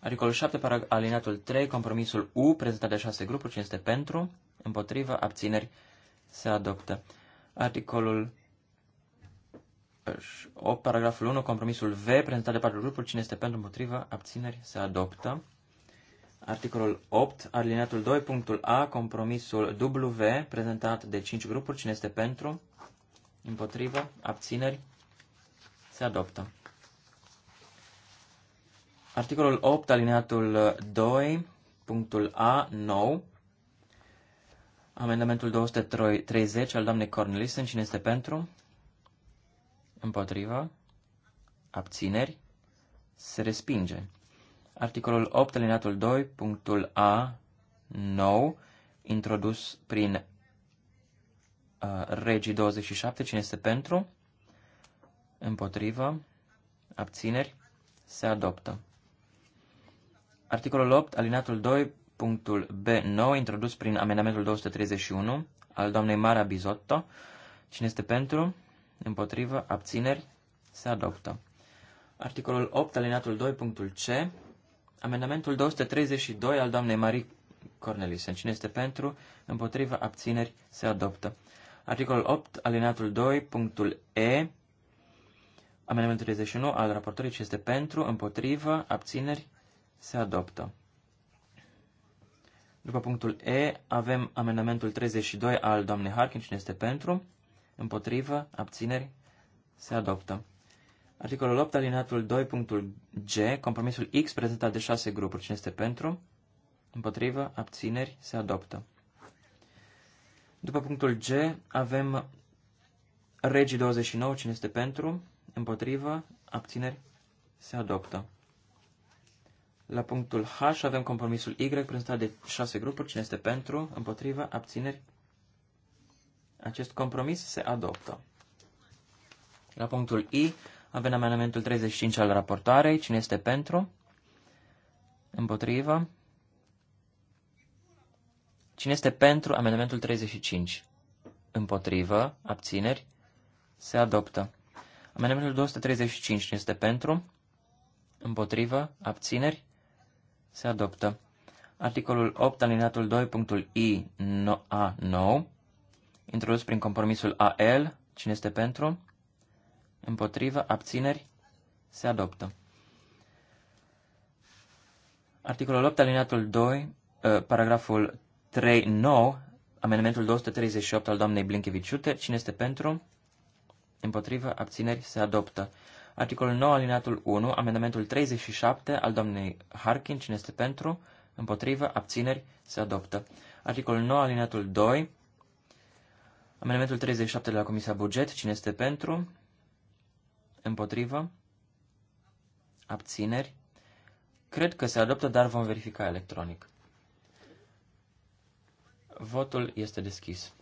Articolul 7, alineatul 3, compromisul U, prezentat de 6 grupuri, cine este pentru, împotriva, abțineri, se adoptă. Articolul 8, paragraful 1, compromisul V, prezentat de 4 grupuri, cine este pentru, împotriva, abțineri, se adoptă. Articolul 8, alineatul 2, punctul A, compromisul W, prezentat de 5 grupuri, cine este pentru, Împotrivă. Abțineri. Se adoptă. Articolul 8, alineatul 2, punctul A, nou. Amendamentul 230 al doamnei Cornelisen. Cine este pentru? Împotrivă. Abțineri. Se respinge. Articolul 8, alineatul 2, punctul A, nou, introdus prin Uh, regii 27, cine este pentru, împotrivă, abțineri, se adoptă. Articolul 8, alineatul 2, punctul B9, introdus prin amendamentul 231 al doamnei Mara Bizotto. Cine este pentru, împotrivă, abțineri, se adoptă. Articolul 8, alineatul 2, punctul C, amendamentul 232 al doamnei Marie Cornelisen. Cine este pentru, împotrivă, abțineri, se adoptă. Articolul 8, alineatul 2, punctul E, amendamentul 31 al raportului ce este pentru, împotrivă, abțineri, se adoptă. După punctul E, avem amendamentul 32 al doamnei Harkin, cine este pentru, împotrivă, abțineri, se adoptă. Articolul 8, alineatul 2, punctul G, compromisul X prezentat de șase grupuri, cine este pentru, împotrivă, abțineri, se adoptă. După punctul G avem regii 29, cine este pentru, împotrivă, abțineri, se adoptă. La punctul H avem compromisul Y prezentat de șase grupuri, cine este pentru, împotrivă, abțineri. Acest compromis se adoptă. La punctul I avem amendamentul 35 al raportarei, cine este pentru, împotrivă, Cine este pentru amendamentul 35? Împotrivă, abțineri, se adoptă. Amendamentul 235, cine este pentru? Împotrivă, abțineri, se adoptă. Articolul 8, alineatul 2, punctul I, no, A, 9, introdus prin compromisul AL, cine este pentru? Împotrivă, abțineri, se adoptă. Articolul 8, alineatul 2, eh, paragraful 3.9, amendamentul 238 al doamnei Blinkeviciute, cine este pentru? Împotrivă, abțineri, se adoptă. Articolul 9, alineatul 1, amendamentul 37 al doamnei Harkin, cine este pentru? Împotrivă, abțineri, se adoptă. Articolul 9, alineatul 2, amendamentul 37 de la Comisia Buget, cine este pentru? Împotrivă, abțineri. Cred că se adoptă, dar vom verifica electronic. Votul este deschis.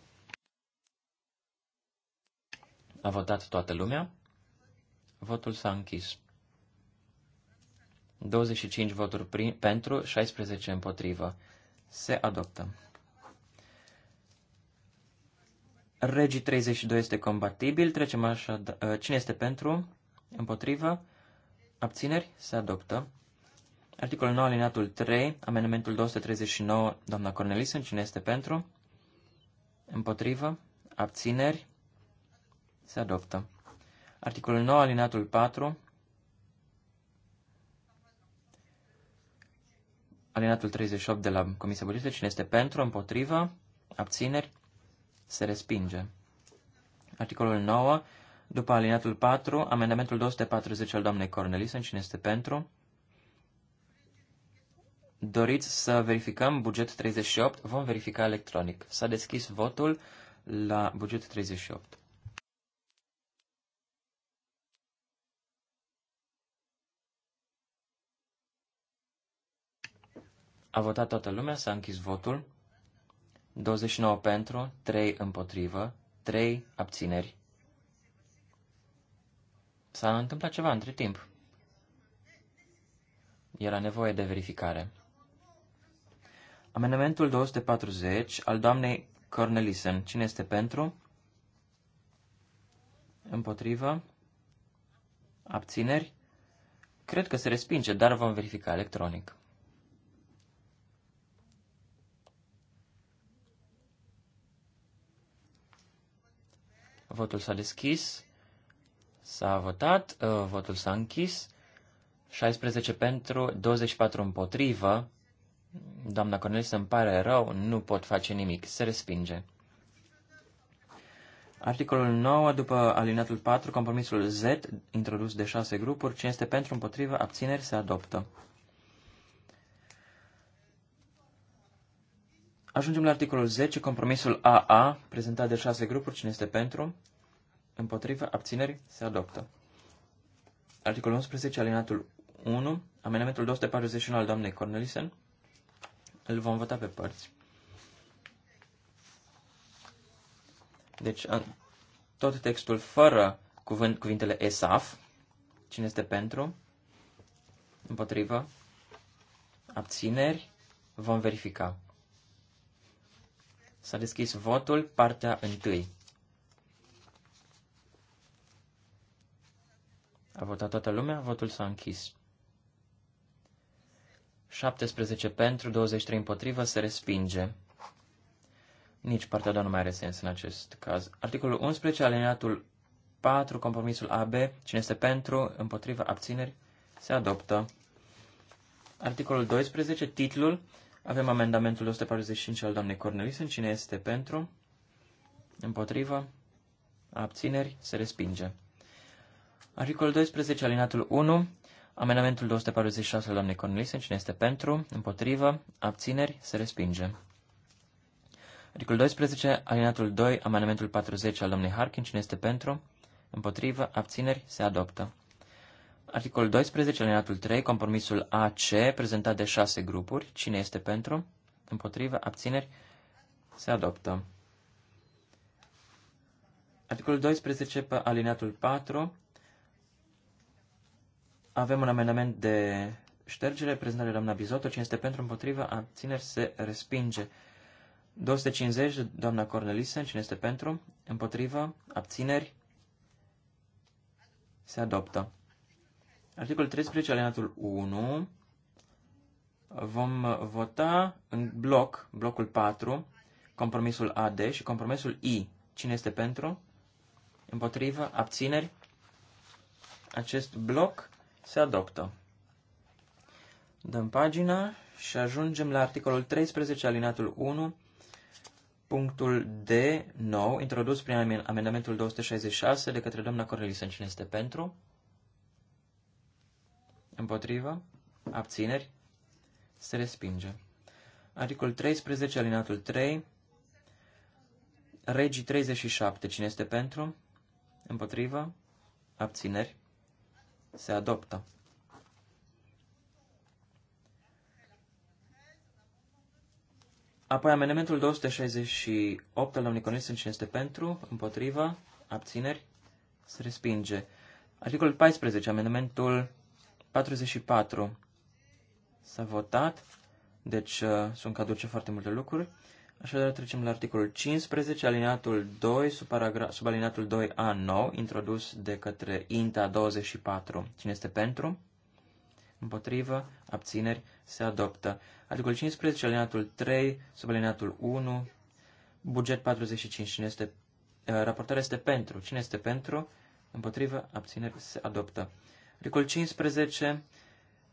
A votat toată lumea. Votul s-a închis. 25 voturi prin, pentru, 16 împotrivă. Se adoptă. Regii 32 este compatibil. Trecem așa. Da, cine este pentru? Împotrivă? Abțineri? Se adoptă. Articolul 9, alineatul 3, amendamentul 239, doamna Cornelisen, cine este pentru? Împotrivă? Abțineri? Se adoptă. Articolul 9, alineatul 4, alineatul 38 de la Comisia Bugetă, cine este pentru, împotrivă, abțineri, se respinge. Articolul 9, după alineatul 4, amendamentul 240 al doamnei Cornelisen, cine este pentru, Doriți să verificăm buget 38? Vom verifica electronic. S-a deschis votul la buget 38. A votat toată lumea, s-a închis votul. 29 pentru, 3 împotrivă, 3 abțineri. S-a întâmplat ceva între timp. Era nevoie de verificare. Amendamentul 240 al doamnei Cornelisen. Cine este pentru? Împotrivă? Abțineri? Cred că se respinge, dar vom verifica electronic. Votul s-a deschis, s-a votat, uh, votul s-a închis, 16 pentru, 24 împotrivă, Doamna să-mi pare rău, nu pot face nimic. Se respinge. Articolul 9, după alinatul 4, compromisul Z, introdus de șase grupuri, cine este pentru, împotrivă, abțineri, se adoptă. Ajungem la articolul 10, compromisul AA, prezentat de șase grupuri, cine este pentru, împotrivă, abțineri, se adoptă. Articolul 11, alinatul 1, amendamentul 241 al doamnei Cornelisen, îl vom vota pe părți. Deci, tot textul fără cuvânt, cuvintele ESAF. Cine este pentru? Împotrivă? Abțineri? Vom verifica. S-a deschis votul, partea întâi. A votat toată lumea, votul s-a închis. 17 pentru, 23 împotrivă, se respinge. Nici partea doua nu mai are sens în acest caz. Articolul 11, alineatul 4, compromisul AB, cine este pentru, împotrivă, abțineri, se adoptă. Articolul 12, titlul, avem amendamentul 145 al doamnei Cornelison, cine este pentru, împotrivă, abțineri, se respinge. Articolul 12, alineatul 1, Amendamentul 246 al doamnei Cornelisen, cine este pentru, împotrivă, abțineri, se respinge. Articolul 12, alinatul 2, amendamentul 40 al doamnei Harkin, cine este pentru, împotrivă, abțineri, se adoptă. Articolul 12, alinatul 3, compromisul AC, prezentat de șase grupuri, cine este pentru, împotrivă, abțineri, se adoptă. Articolul 12, alineatul 4, avem un amendament de ștergere, prezentare doamna Bizotto, cine este pentru, împotriva, abțineri, se respinge. 250, doamna Cornelisen, cine este pentru, împotriva, abțineri, se adoptă. Articolul 13, alinatul 1, vom vota în bloc, blocul 4, compromisul AD și compromisul I. Cine este pentru? Împotrivă? Abțineri? Acest bloc se adoptă. Dăm pagina și ajungem la articolul 13, alinatul 1, punctul D, nou, introdus prin amendamentul 266 de către doamna Cornelisen. Cine este pentru? Împotrivă? Abțineri? Se respinge. Articolul 13, alinatul 3, regii 37. Cine este pentru? Împotrivă? Abțineri? Se adoptă. Apoi amendamentul 268 al domnului Cornelisen, cine este pentru, împotriva, abțineri, se respinge. Articolul 14, amendamentul 44 s-a votat, deci uh, sunt caduce foarte multe lucruri. Așadar, trecem la articolul 15, alineatul 2, sub, sub alineatul 2A9, introdus de către INTA 24. Cine este pentru? Împotrivă, abțineri, se adoptă. Articolul 15, alineatul 3, sub alineatul 1, buget 45. Cine este, uh, raportarea este pentru. Cine este pentru? Împotrivă, abțineri, se adoptă. Articolul 15,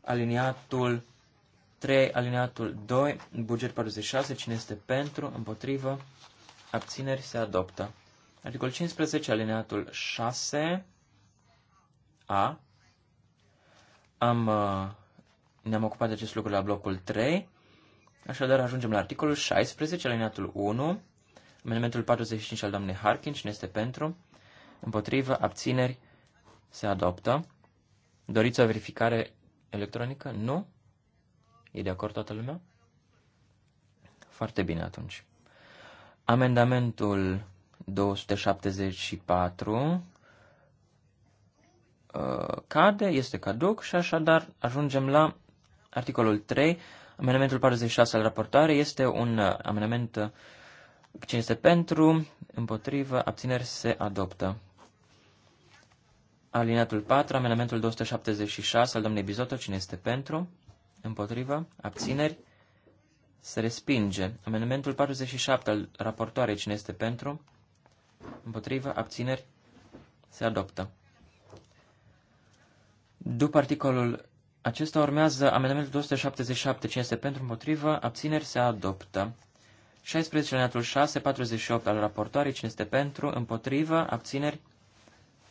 aliniatul 3, alineatul 2, buget 46, cine este pentru, împotrivă, abțineri, se adoptă. Articol 15, alineatul 6, A. Am, uh, ne-am ocupat de acest lucru la blocul 3. Așadar, ajungem la articolul 16, alineatul 1, amendamentul 45 al doamnei Harkin, cine este pentru, împotrivă, abțineri, se adoptă. Doriți o verificare electronică? Nu. E de acord toată lumea? Foarte bine atunci. Amendamentul 274 uh, cade, este caduc și așadar ajungem la articolul 3. Amendamentul 46 al raportoarei este un uh, amendament uh, cine este pentru, împotrivă, abțineri se adoptă. Alineatul 4, amendamentul 276 al domnului Bizoto, cine este pentru? împotrivă, abțineri, se respinge. Amendamentul 47 al raportoarei, cine este pentru, împotrivă, abțineri, se adoptă. După articolul acesta urmează amendamentul 277, cine este pentru, împotrivă, abțineri, se adoptă. 16 alineatul 6, 48 al raportoarei, cine este pentru, împotrivă, abțineri,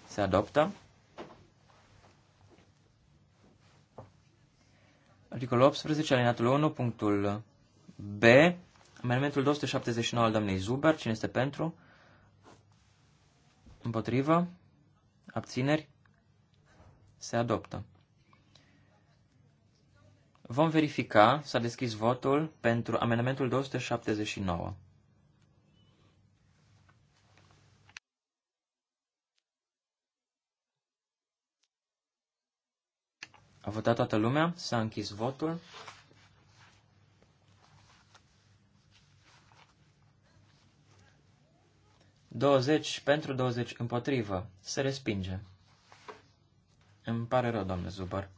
se adoptă. Articolul 18, alineatul 1, punctul B, amendamentul 279 al doamnei Zuber, cine este pentru? Împotrivă? Abțineri? Se adoptă. Vom verifica, s-a deschis votul pentru amendamentul 279. A votat toată lumea, s-a închis votul. Douăzeci pentru 20 împotrivă. Se respinge. Îmi pare rău, doamne Zubar.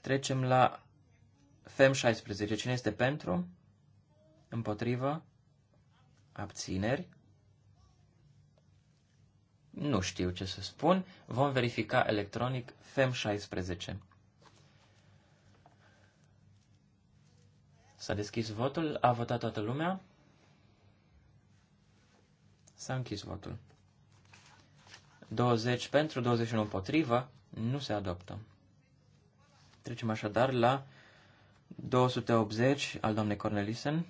Trecem la FEM 16. Cine este pentru? Împotrivă? Abțineri? Nu știu ce să spun. Vom verifica electronic FEM16. S-a deschis votul. A votat toată lumea. S-a închis votul. 20 pentru, 21 împotrivă. Nu se adoptă. Trecem așadar la 280 al doamnei Cornelisen.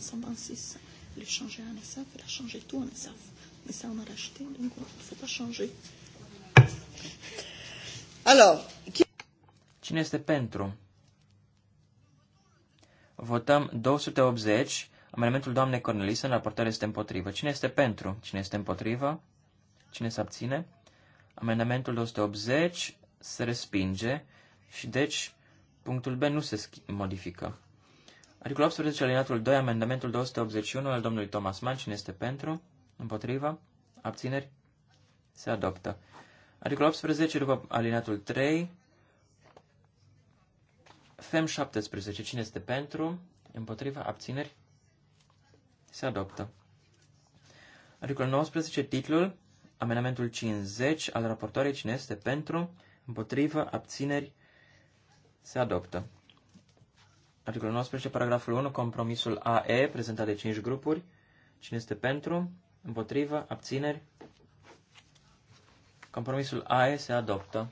ensemble en six. Le changer en un il a changé tout en SF. Mais ça, on a racheté, donc il ne faut pas changer. Alors, qui... Cine este pentru? Votăm 280. Amendamentul doamnei Cornelisa în raportare este împotrivă. Cine este pentru? Cine este împotrivă? Cine se abține? Amendamentul 280 se respinge și deci punctul B nu se modifică. Articolul 18, alineatul 2, amendamentul 281 al domnului Thomas Mann. Cine este pentru? Împotriva? Abțineri? Se adoptă. Articolul 18, după alineatul 3, FEM 17. Cine este pentru? Împotriva? Abțineri? Se adoptă. Articolul 19, titlul, amendamentul 50 al raportoarei. Cine este pentru? Împotriva? Abțineri? Se adoptă. Articolul 19, paragraful 1, compromisul AE, prezentat de 5 grupuri. Cine este pentru? Împotrivă? Abțineri? Compromisul AE se adoptă.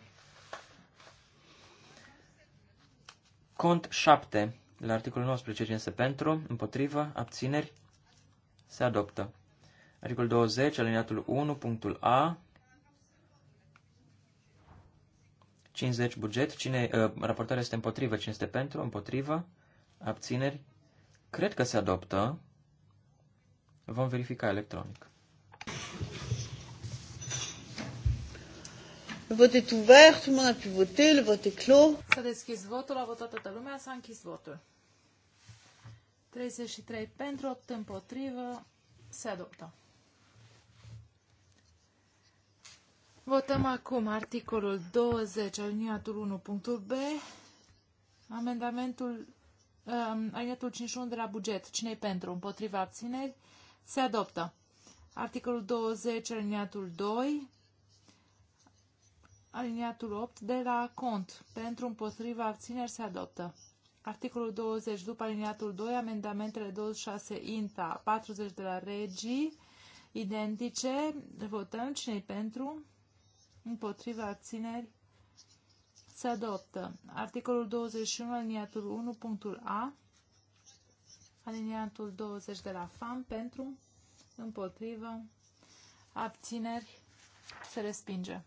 Cont 7, la articolul 19, cine este pentru? Împotrivă? Abțineri? Se adoptă. Articolul 20, aliniatul 1, punctul A, 50 buget, cine, uh, raportarea este împotrivă, cine este pentru, împotrivă, Abțineri? Cred că se adoptă. Vom verifica electronic. Le vot est ouvert, tout le monde a pu voter, le vote est clos. S-a deschis votul, a votat toată lumea, s-a închis votul. 33 pentru, 8 împotrivă, se adoptă. Votăm acum articolul 20, al 1, B, amendamentul um, aliniatul 51 de la buget. cine pentru? Împotriva abțineri? Se adoptă. Articolul 20, aliniatul 2, aliniatul 8 de la cont. Pentru împotriva abțineri se adoptă. Articolul 20, după aliniatul 2, amendamentele 26 INTA, 40 de la regii, identice, votăm cine pentru, împotriva abțineri, se adoptă. Articolul 21, aliniatul 1, punctul A, aliniatul 20 de la FAM, pentru, împotrivă, abțineri, se respinge.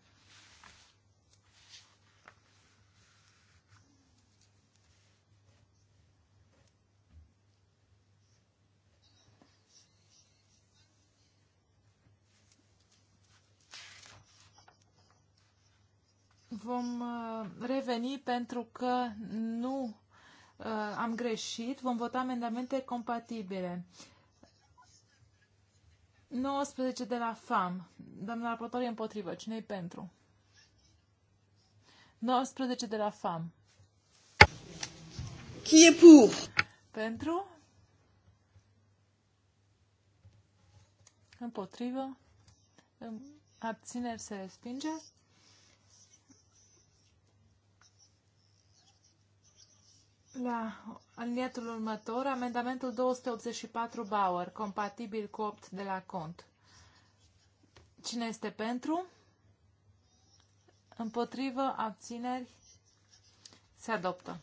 vom uh, reveni pentru că nu uh, am greșit. Vom vota amendamente compatibile. 19 de la FAM. Doamna raportor e împotrivă. cine e pentru? 19 de la FAM. Qui e pour? Pentru? Împotrivă? Abțineri se respinge? La aliniatul următor, amendamentul 284 Bauer, compatibil cu 8 de la cont. Cine este pentru? Împotrivă, abțineri, se adoptă.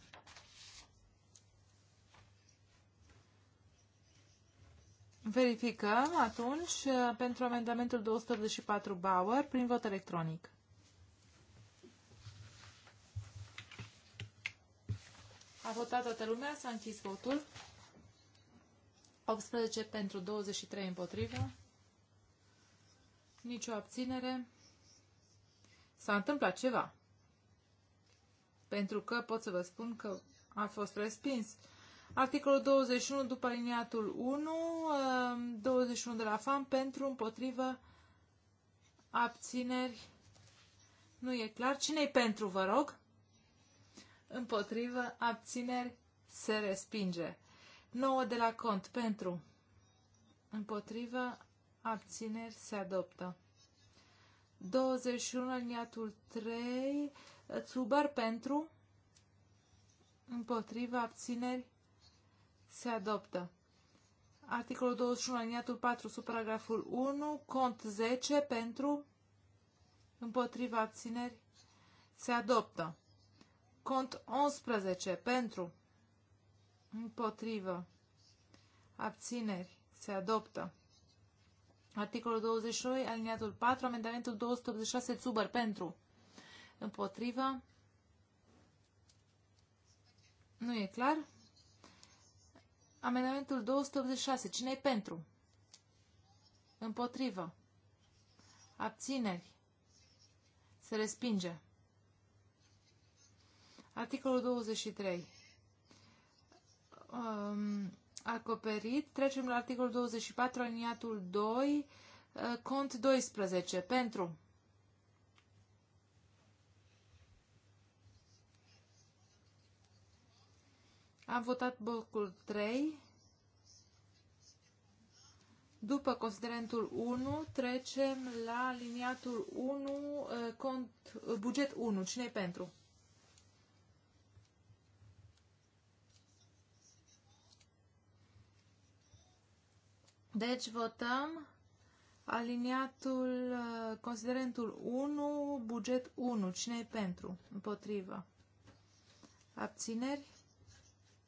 Verificăm atunci uh, pentru amendamentul 284 Bauer prin vot electronic. A votat toată lumea, s-a închis votul. 18 pentru 23 împotrivă. Nicio abținere. S-a întâmplat ceva. Pentru că pot să vă spun că a fost respins. Articolul 21 după alineatul 1, 21 de la FAM pentru împotrivă abțineri. Nu e clar. Cine-i pentru, vă rog? împotrivă, abțineri, se respinge. 9 de la cont, pentru, împotrivă, abțineri, se adoptă. 21 aliniatul 3, Tsubar pentru, împotriva abțineri, se adoptă. Articolul 21 aliniatul 4, supragraful 1, cont 10 pentru, împotriva abțineri, se adoptă. Cont 11 pentru împotrivă abțineri se adoptă. Articolul 22, aliniatul 4, amendamentul 286, Zuber, pentru. Împotrivă. Nu e clar. Amendamentul 286, cine e pentru? Împotrivă. Abțineri. Se respinge. Articolul 23. Um, acoperit. Trecem la articolul 24, aliniatul 2, uh, cont 12. Pentru. Am votat blocul 3. După considerentul 1, trecem la liniatul 1, uh, cont, uh, buget 1. cine e pentru? Deci votăm aliniatul, uh, considerentul 1, buget 1. Cine e pentru? Împotrivă. Abțineri?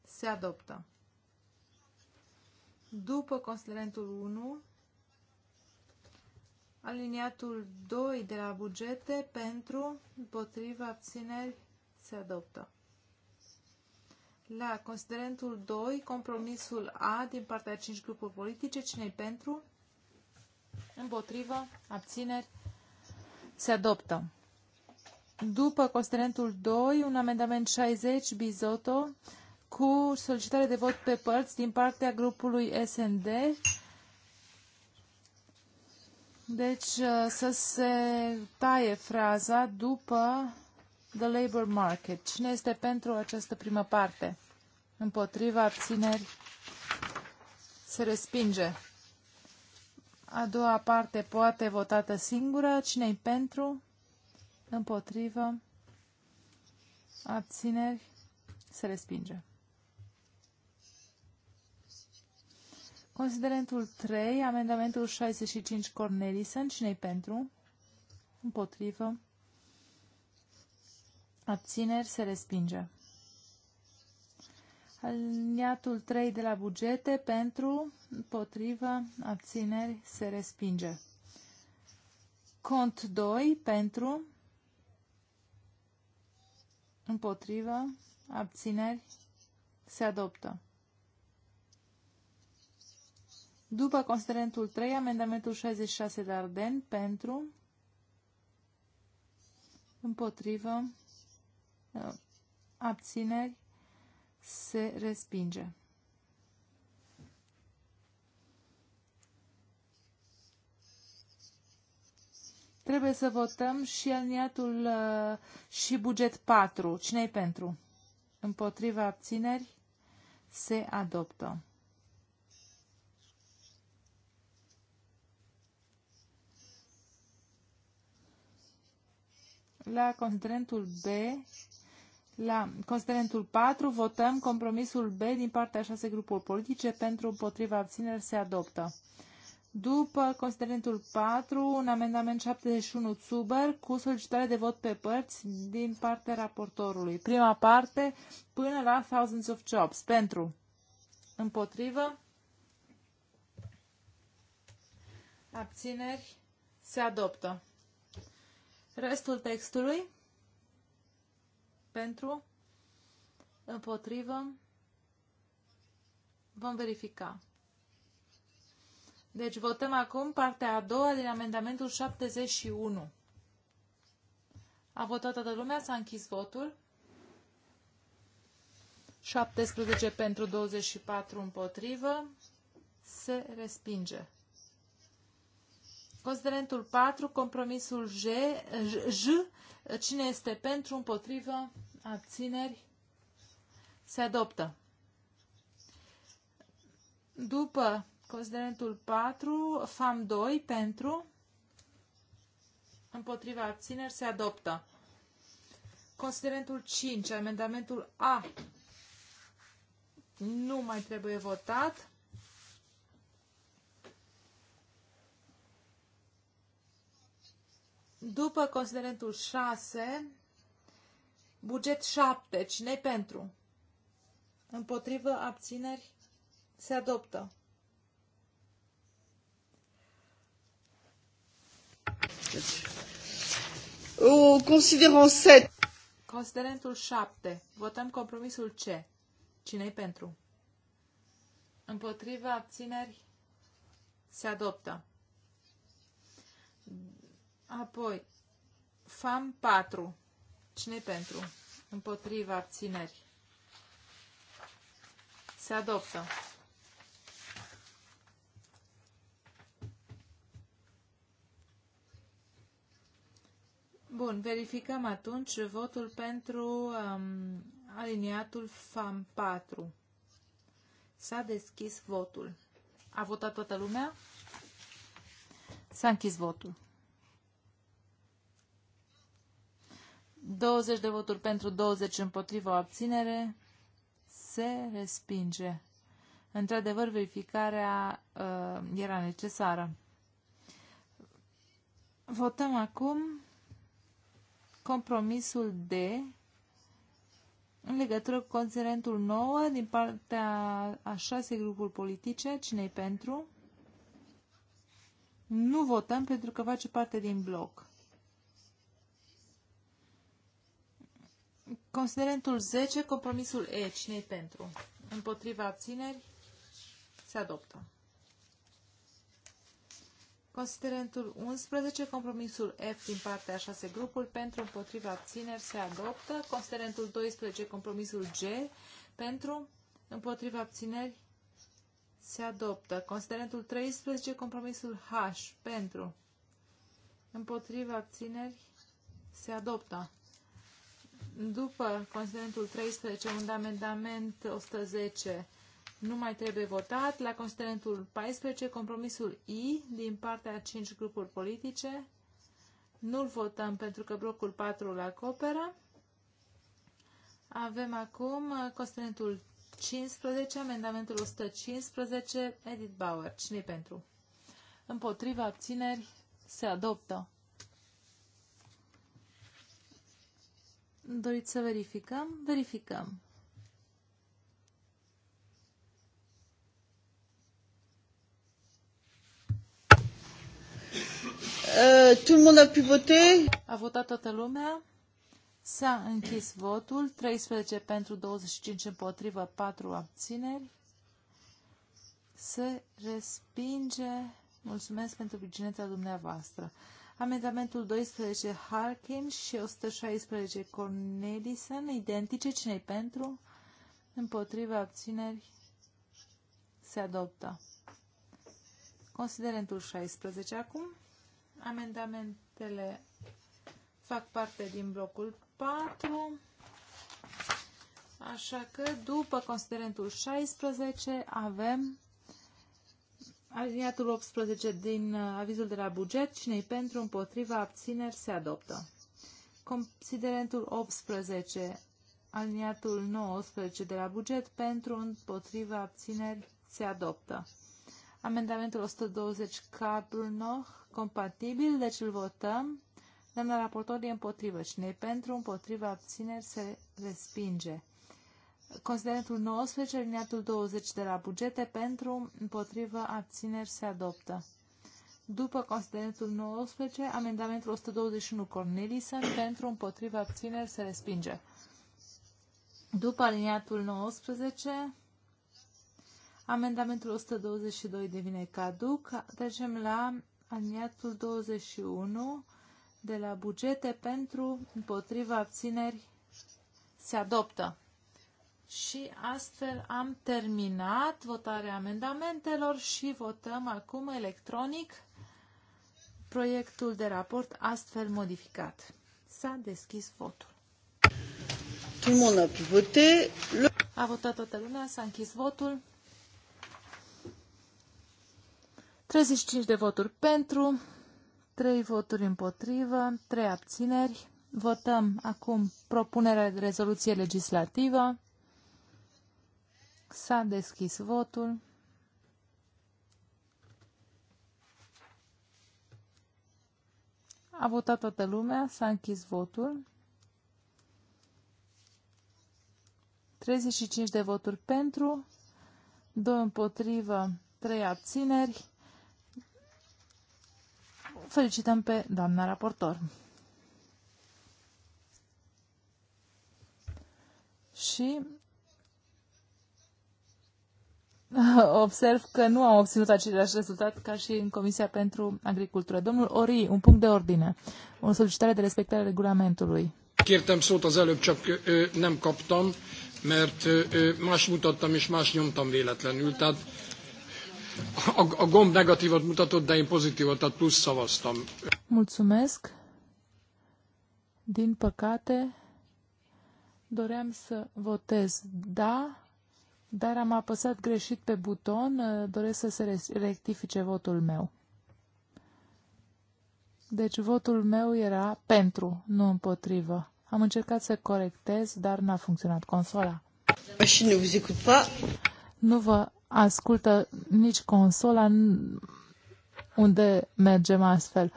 Se adoptă. După considerentul 1, aliniatul 2 de la bugete pentru, împotrivă, abțineri, se adoptă. La considerentul 2, compromisul A din partea 5 grupuri politice, cine pentru? Împotrivă, abțineri, se adoptă. După considerentul 2, un amendament 60, Bizoto, cu solicitare de vot pe părți din partea grupului SND. Deci uh, să se taie fraza după The Labor Market. Cine este pentru această primă parte? Împotriva abțineri se respinge. A doua parte poate votată singură. cine e pentru? Împotrivă. Abțineri. Se respinge. Considerentul 3, amendamentul 65 Cornelison. Cine-i pentru? Împotrivă. Abțineri se respinge. Aliniatul 3 de la bugete pentru, împotrivă, abțineri se respinge. Cont 2 pentru, împotrivă, abțineri se adoptă. După considerentul 3, amendamentul 66 de Arden pentru, împotrivă, abțineri, se respinge. Trebuie să votăm și aliniatul uh, și buget 4. Cine-i pentru? Împotriva abțineri? Se adoptă. La contentul B la considerentul 4 votăm compromisul B din partea 6 grupuri politice pentru împotriva abțineri se adoptă. După considerentul 4, un amendament 71 Tsuber cu solicitare de vot pe părți din partea raportorului. Prima parte până la Thousands of Jobs. Pentru. Împotrivă. Abțineri. Se adoptă. Restul textului pentru? Împotrivă? Vom verifica. Deci votăm acum partea a doua din amendamentul 71. A votat toată lumea, s-a închis votul. 17 pentru 24 împotrivă. Se respinge. Considerentul 4, compromisul J, J, cine este pentru, împotrivă, abțineri, se adoptă. După considerentul 4, FAM 2, pentru, împotriva abțineri, se adoptă. Considerentul 5, amendamentul A, nu mai trebuie votat. După considerentul 6, buget 7, cine pentru? Împotrivă abțineri se adoptă. Uh, considerăm 7. Considerentul 7. Votăm compromisul C. cine pentru? Împotrivă abțineri se adoptă. Apoi, FAM 4. cine pentru? Împotriva abțineri. Se adoptă. Bun, verificăm atunci votul pentru um, aliniatul FAM 4. S-a deschis votul. A votat toată lumea? S-a închis votul. 20 de voturi pentru, 20 împotriva, o abținere. Se respinge. Într-adevăr, verificarea uh, era necesară. Votăm acum compromisul D în legătură cu conținentul 9 din partea a șase grupuri politice. cine pentru? Nu votăm pentru că face parte din bloc. Considerentul 10, compromisul E, cine pentru? Împotriva abțineri, se adoptă. Considerentul 11, compromisul F din partea a 6 grupuri, pentru împotriva abțineri, se adoptă. Considerentul 12, compromisul G, pentru împotriva abțineri, se adoptă. Considerentul 13, compromisul H, pentru împotriva abțineri, se adoptă. După considerentul 13, unde amendament 110 nu mai trebuie votat, la considerentul 14, compromisul I din partea a 5 grupuri politice, nu-l votăm pentru că blocul 4 îl acoperă. Avem acum considerentul 15, amendamentul 115, Edith Bauer. cine pentru? Împotriva abțineri se adoptă. Doriți să verificăm? Verificăm. Uh, tout le monde a pu voter. A votat toată lumea. S-a închis votul. 13 pentru, 25 împotrivă, 4 abțineri. Se respinge. Mulțumesc pentru vigineta dumneavoastră. Amendamentul 12 Harkin și 116 Cornelison, identice, cine pentru? Împotriva abțineri se adoptă. Considerentul 16 acum. Amendamentele fac parte din blocul 4. Așa că după considerentul 16 avem Aliniatul 18 din uh, avizul de la buget, cine pentru, împotriva, abțineri, se adoptă. Considerentul 18, aliniatul 19 de la buget, pentru, împotriva, abțineri, se adoptă. Amendamentul 120 noh, compatibil, deci îl votăm. Doamna raportor e împotrivă. Cine e pentru, împotriva, abțineri, se respinge. Considerentul 19, liniatul 20 de la bugete pentru, împotrivă, abțineri se adoptă. După considerentul 19, amendamentul 121 Cornelison pentru, împotrivă, abțineri se respinge. După aliniatul 19, amendamentul 122 devine caduc. Trecem la aliniatul 21 de la bugete pentru, împotriva abțineri, se adoptă. Și astfel am terminat votarea amendamentelor și votăm acum electronic proiectul de raport astfel modificat. S-a deschis votul. a A votat toată lumea, s-a închis votul. 35 de voturi pentru, 3 voturi împotrivă, 3 abțineri. Votăm acum propunerea de rezoluție legislativă. S-a deschis votul. A votat toată lumea, s-a închis votul. 35 de voturi pentru, 2 împotrivă, 3 abțineri. Felicităm pe doamna raportor. Și [LAUGHS] observ că nu am obținut același rezultat ca și în Comisia pentru Agricultură. Domnul Ori, un punct de ordine, o solicitare de respectare a regulamentului. Kértem szót az előbb, csak ö, nem kaptam, mert ö, más mutattam és más nyomtam véletlenül. Tehát a, a gomb negatívat mutatott, de én pozitívat, tehát plusz szavaztam. Mulțumesc. Din păcate, doream să votez da, dar am apăsat greșit pe buton, uh, doresc să se rectifice votul meu. Deci votul meu era pentru, nu împotrivă. Am încercat să corectez, dar n-a funcționat consola. Și nu vă écoute Nu vă ascultă nici consola unde mergem astfel.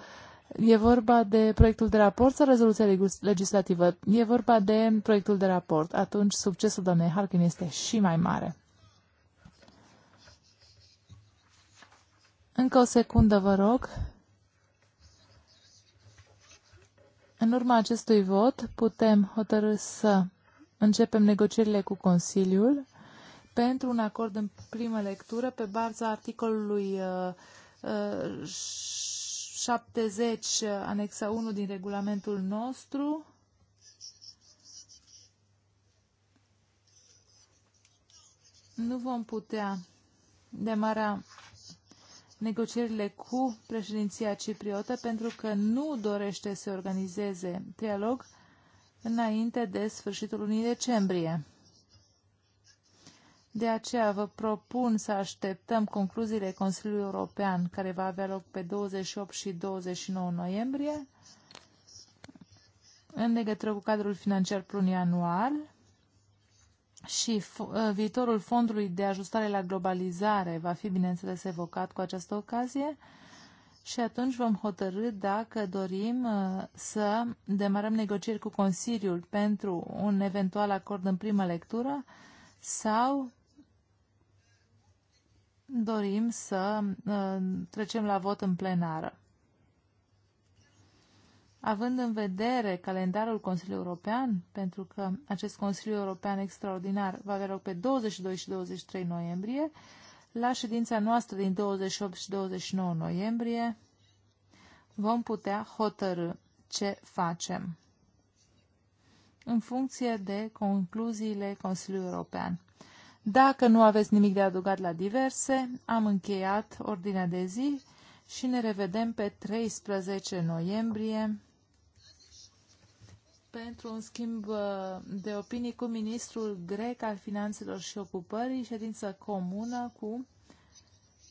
E vorba de proiectul de raport sau rezoluția legislativă? E vorba de proiectul de raport. Atunci succesul doamnei Harkin este și mai mare. Încă o secundă, vă rog. În urma acestui vot putem hotărâ să începem negocierile cu Consiliul pentru un acord în primă lectură pe baza articolului uh, uh, 70, anexa 1 din regulamentul nostru. Nu vom putea demara negocierile cu președinția cipriotă pentru că nu dorește să organizeze trialog înainte de sfârșitul lunii decembrie. De aceea vă propun să așteptăm concluziile Consiliului European, care va avea loc pe 28 și 29 noiembrie, în legătură cu cadrul financiar plurianual și ă, viitorul fondului de ajustare la globalizare va fi, bineînțeles, evocat cu această ocazie și atunci vom hotărâ dacă dorim ă, să demarăm negocieri cu Consiliul pentru un eventual acord în primă lectură sau dorim să uh, trecem la vot în plenară. Având în vedere calendarul Consiliului European, pentru că acest Consiliu European extraordinar va avea loc pe 22 și 23 noiembrie, la ședința noastră din 28 și 29 noiembrie vom putea hotărâ ce facem în funcție de concluziile Consiliului European. Dacă nu aveți nimic de adăugat la diverse, am încheiat ordinea de zi și ne revedem pe 13 noiembrie pentru un schimb uh, de opinii cu ministrul grec al finanțelor și ocupării, ședință comună cu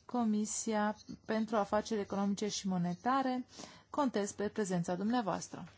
Comisia pentru Afaceri Economice și Monetare. Contez pe prezența dumneavoastră.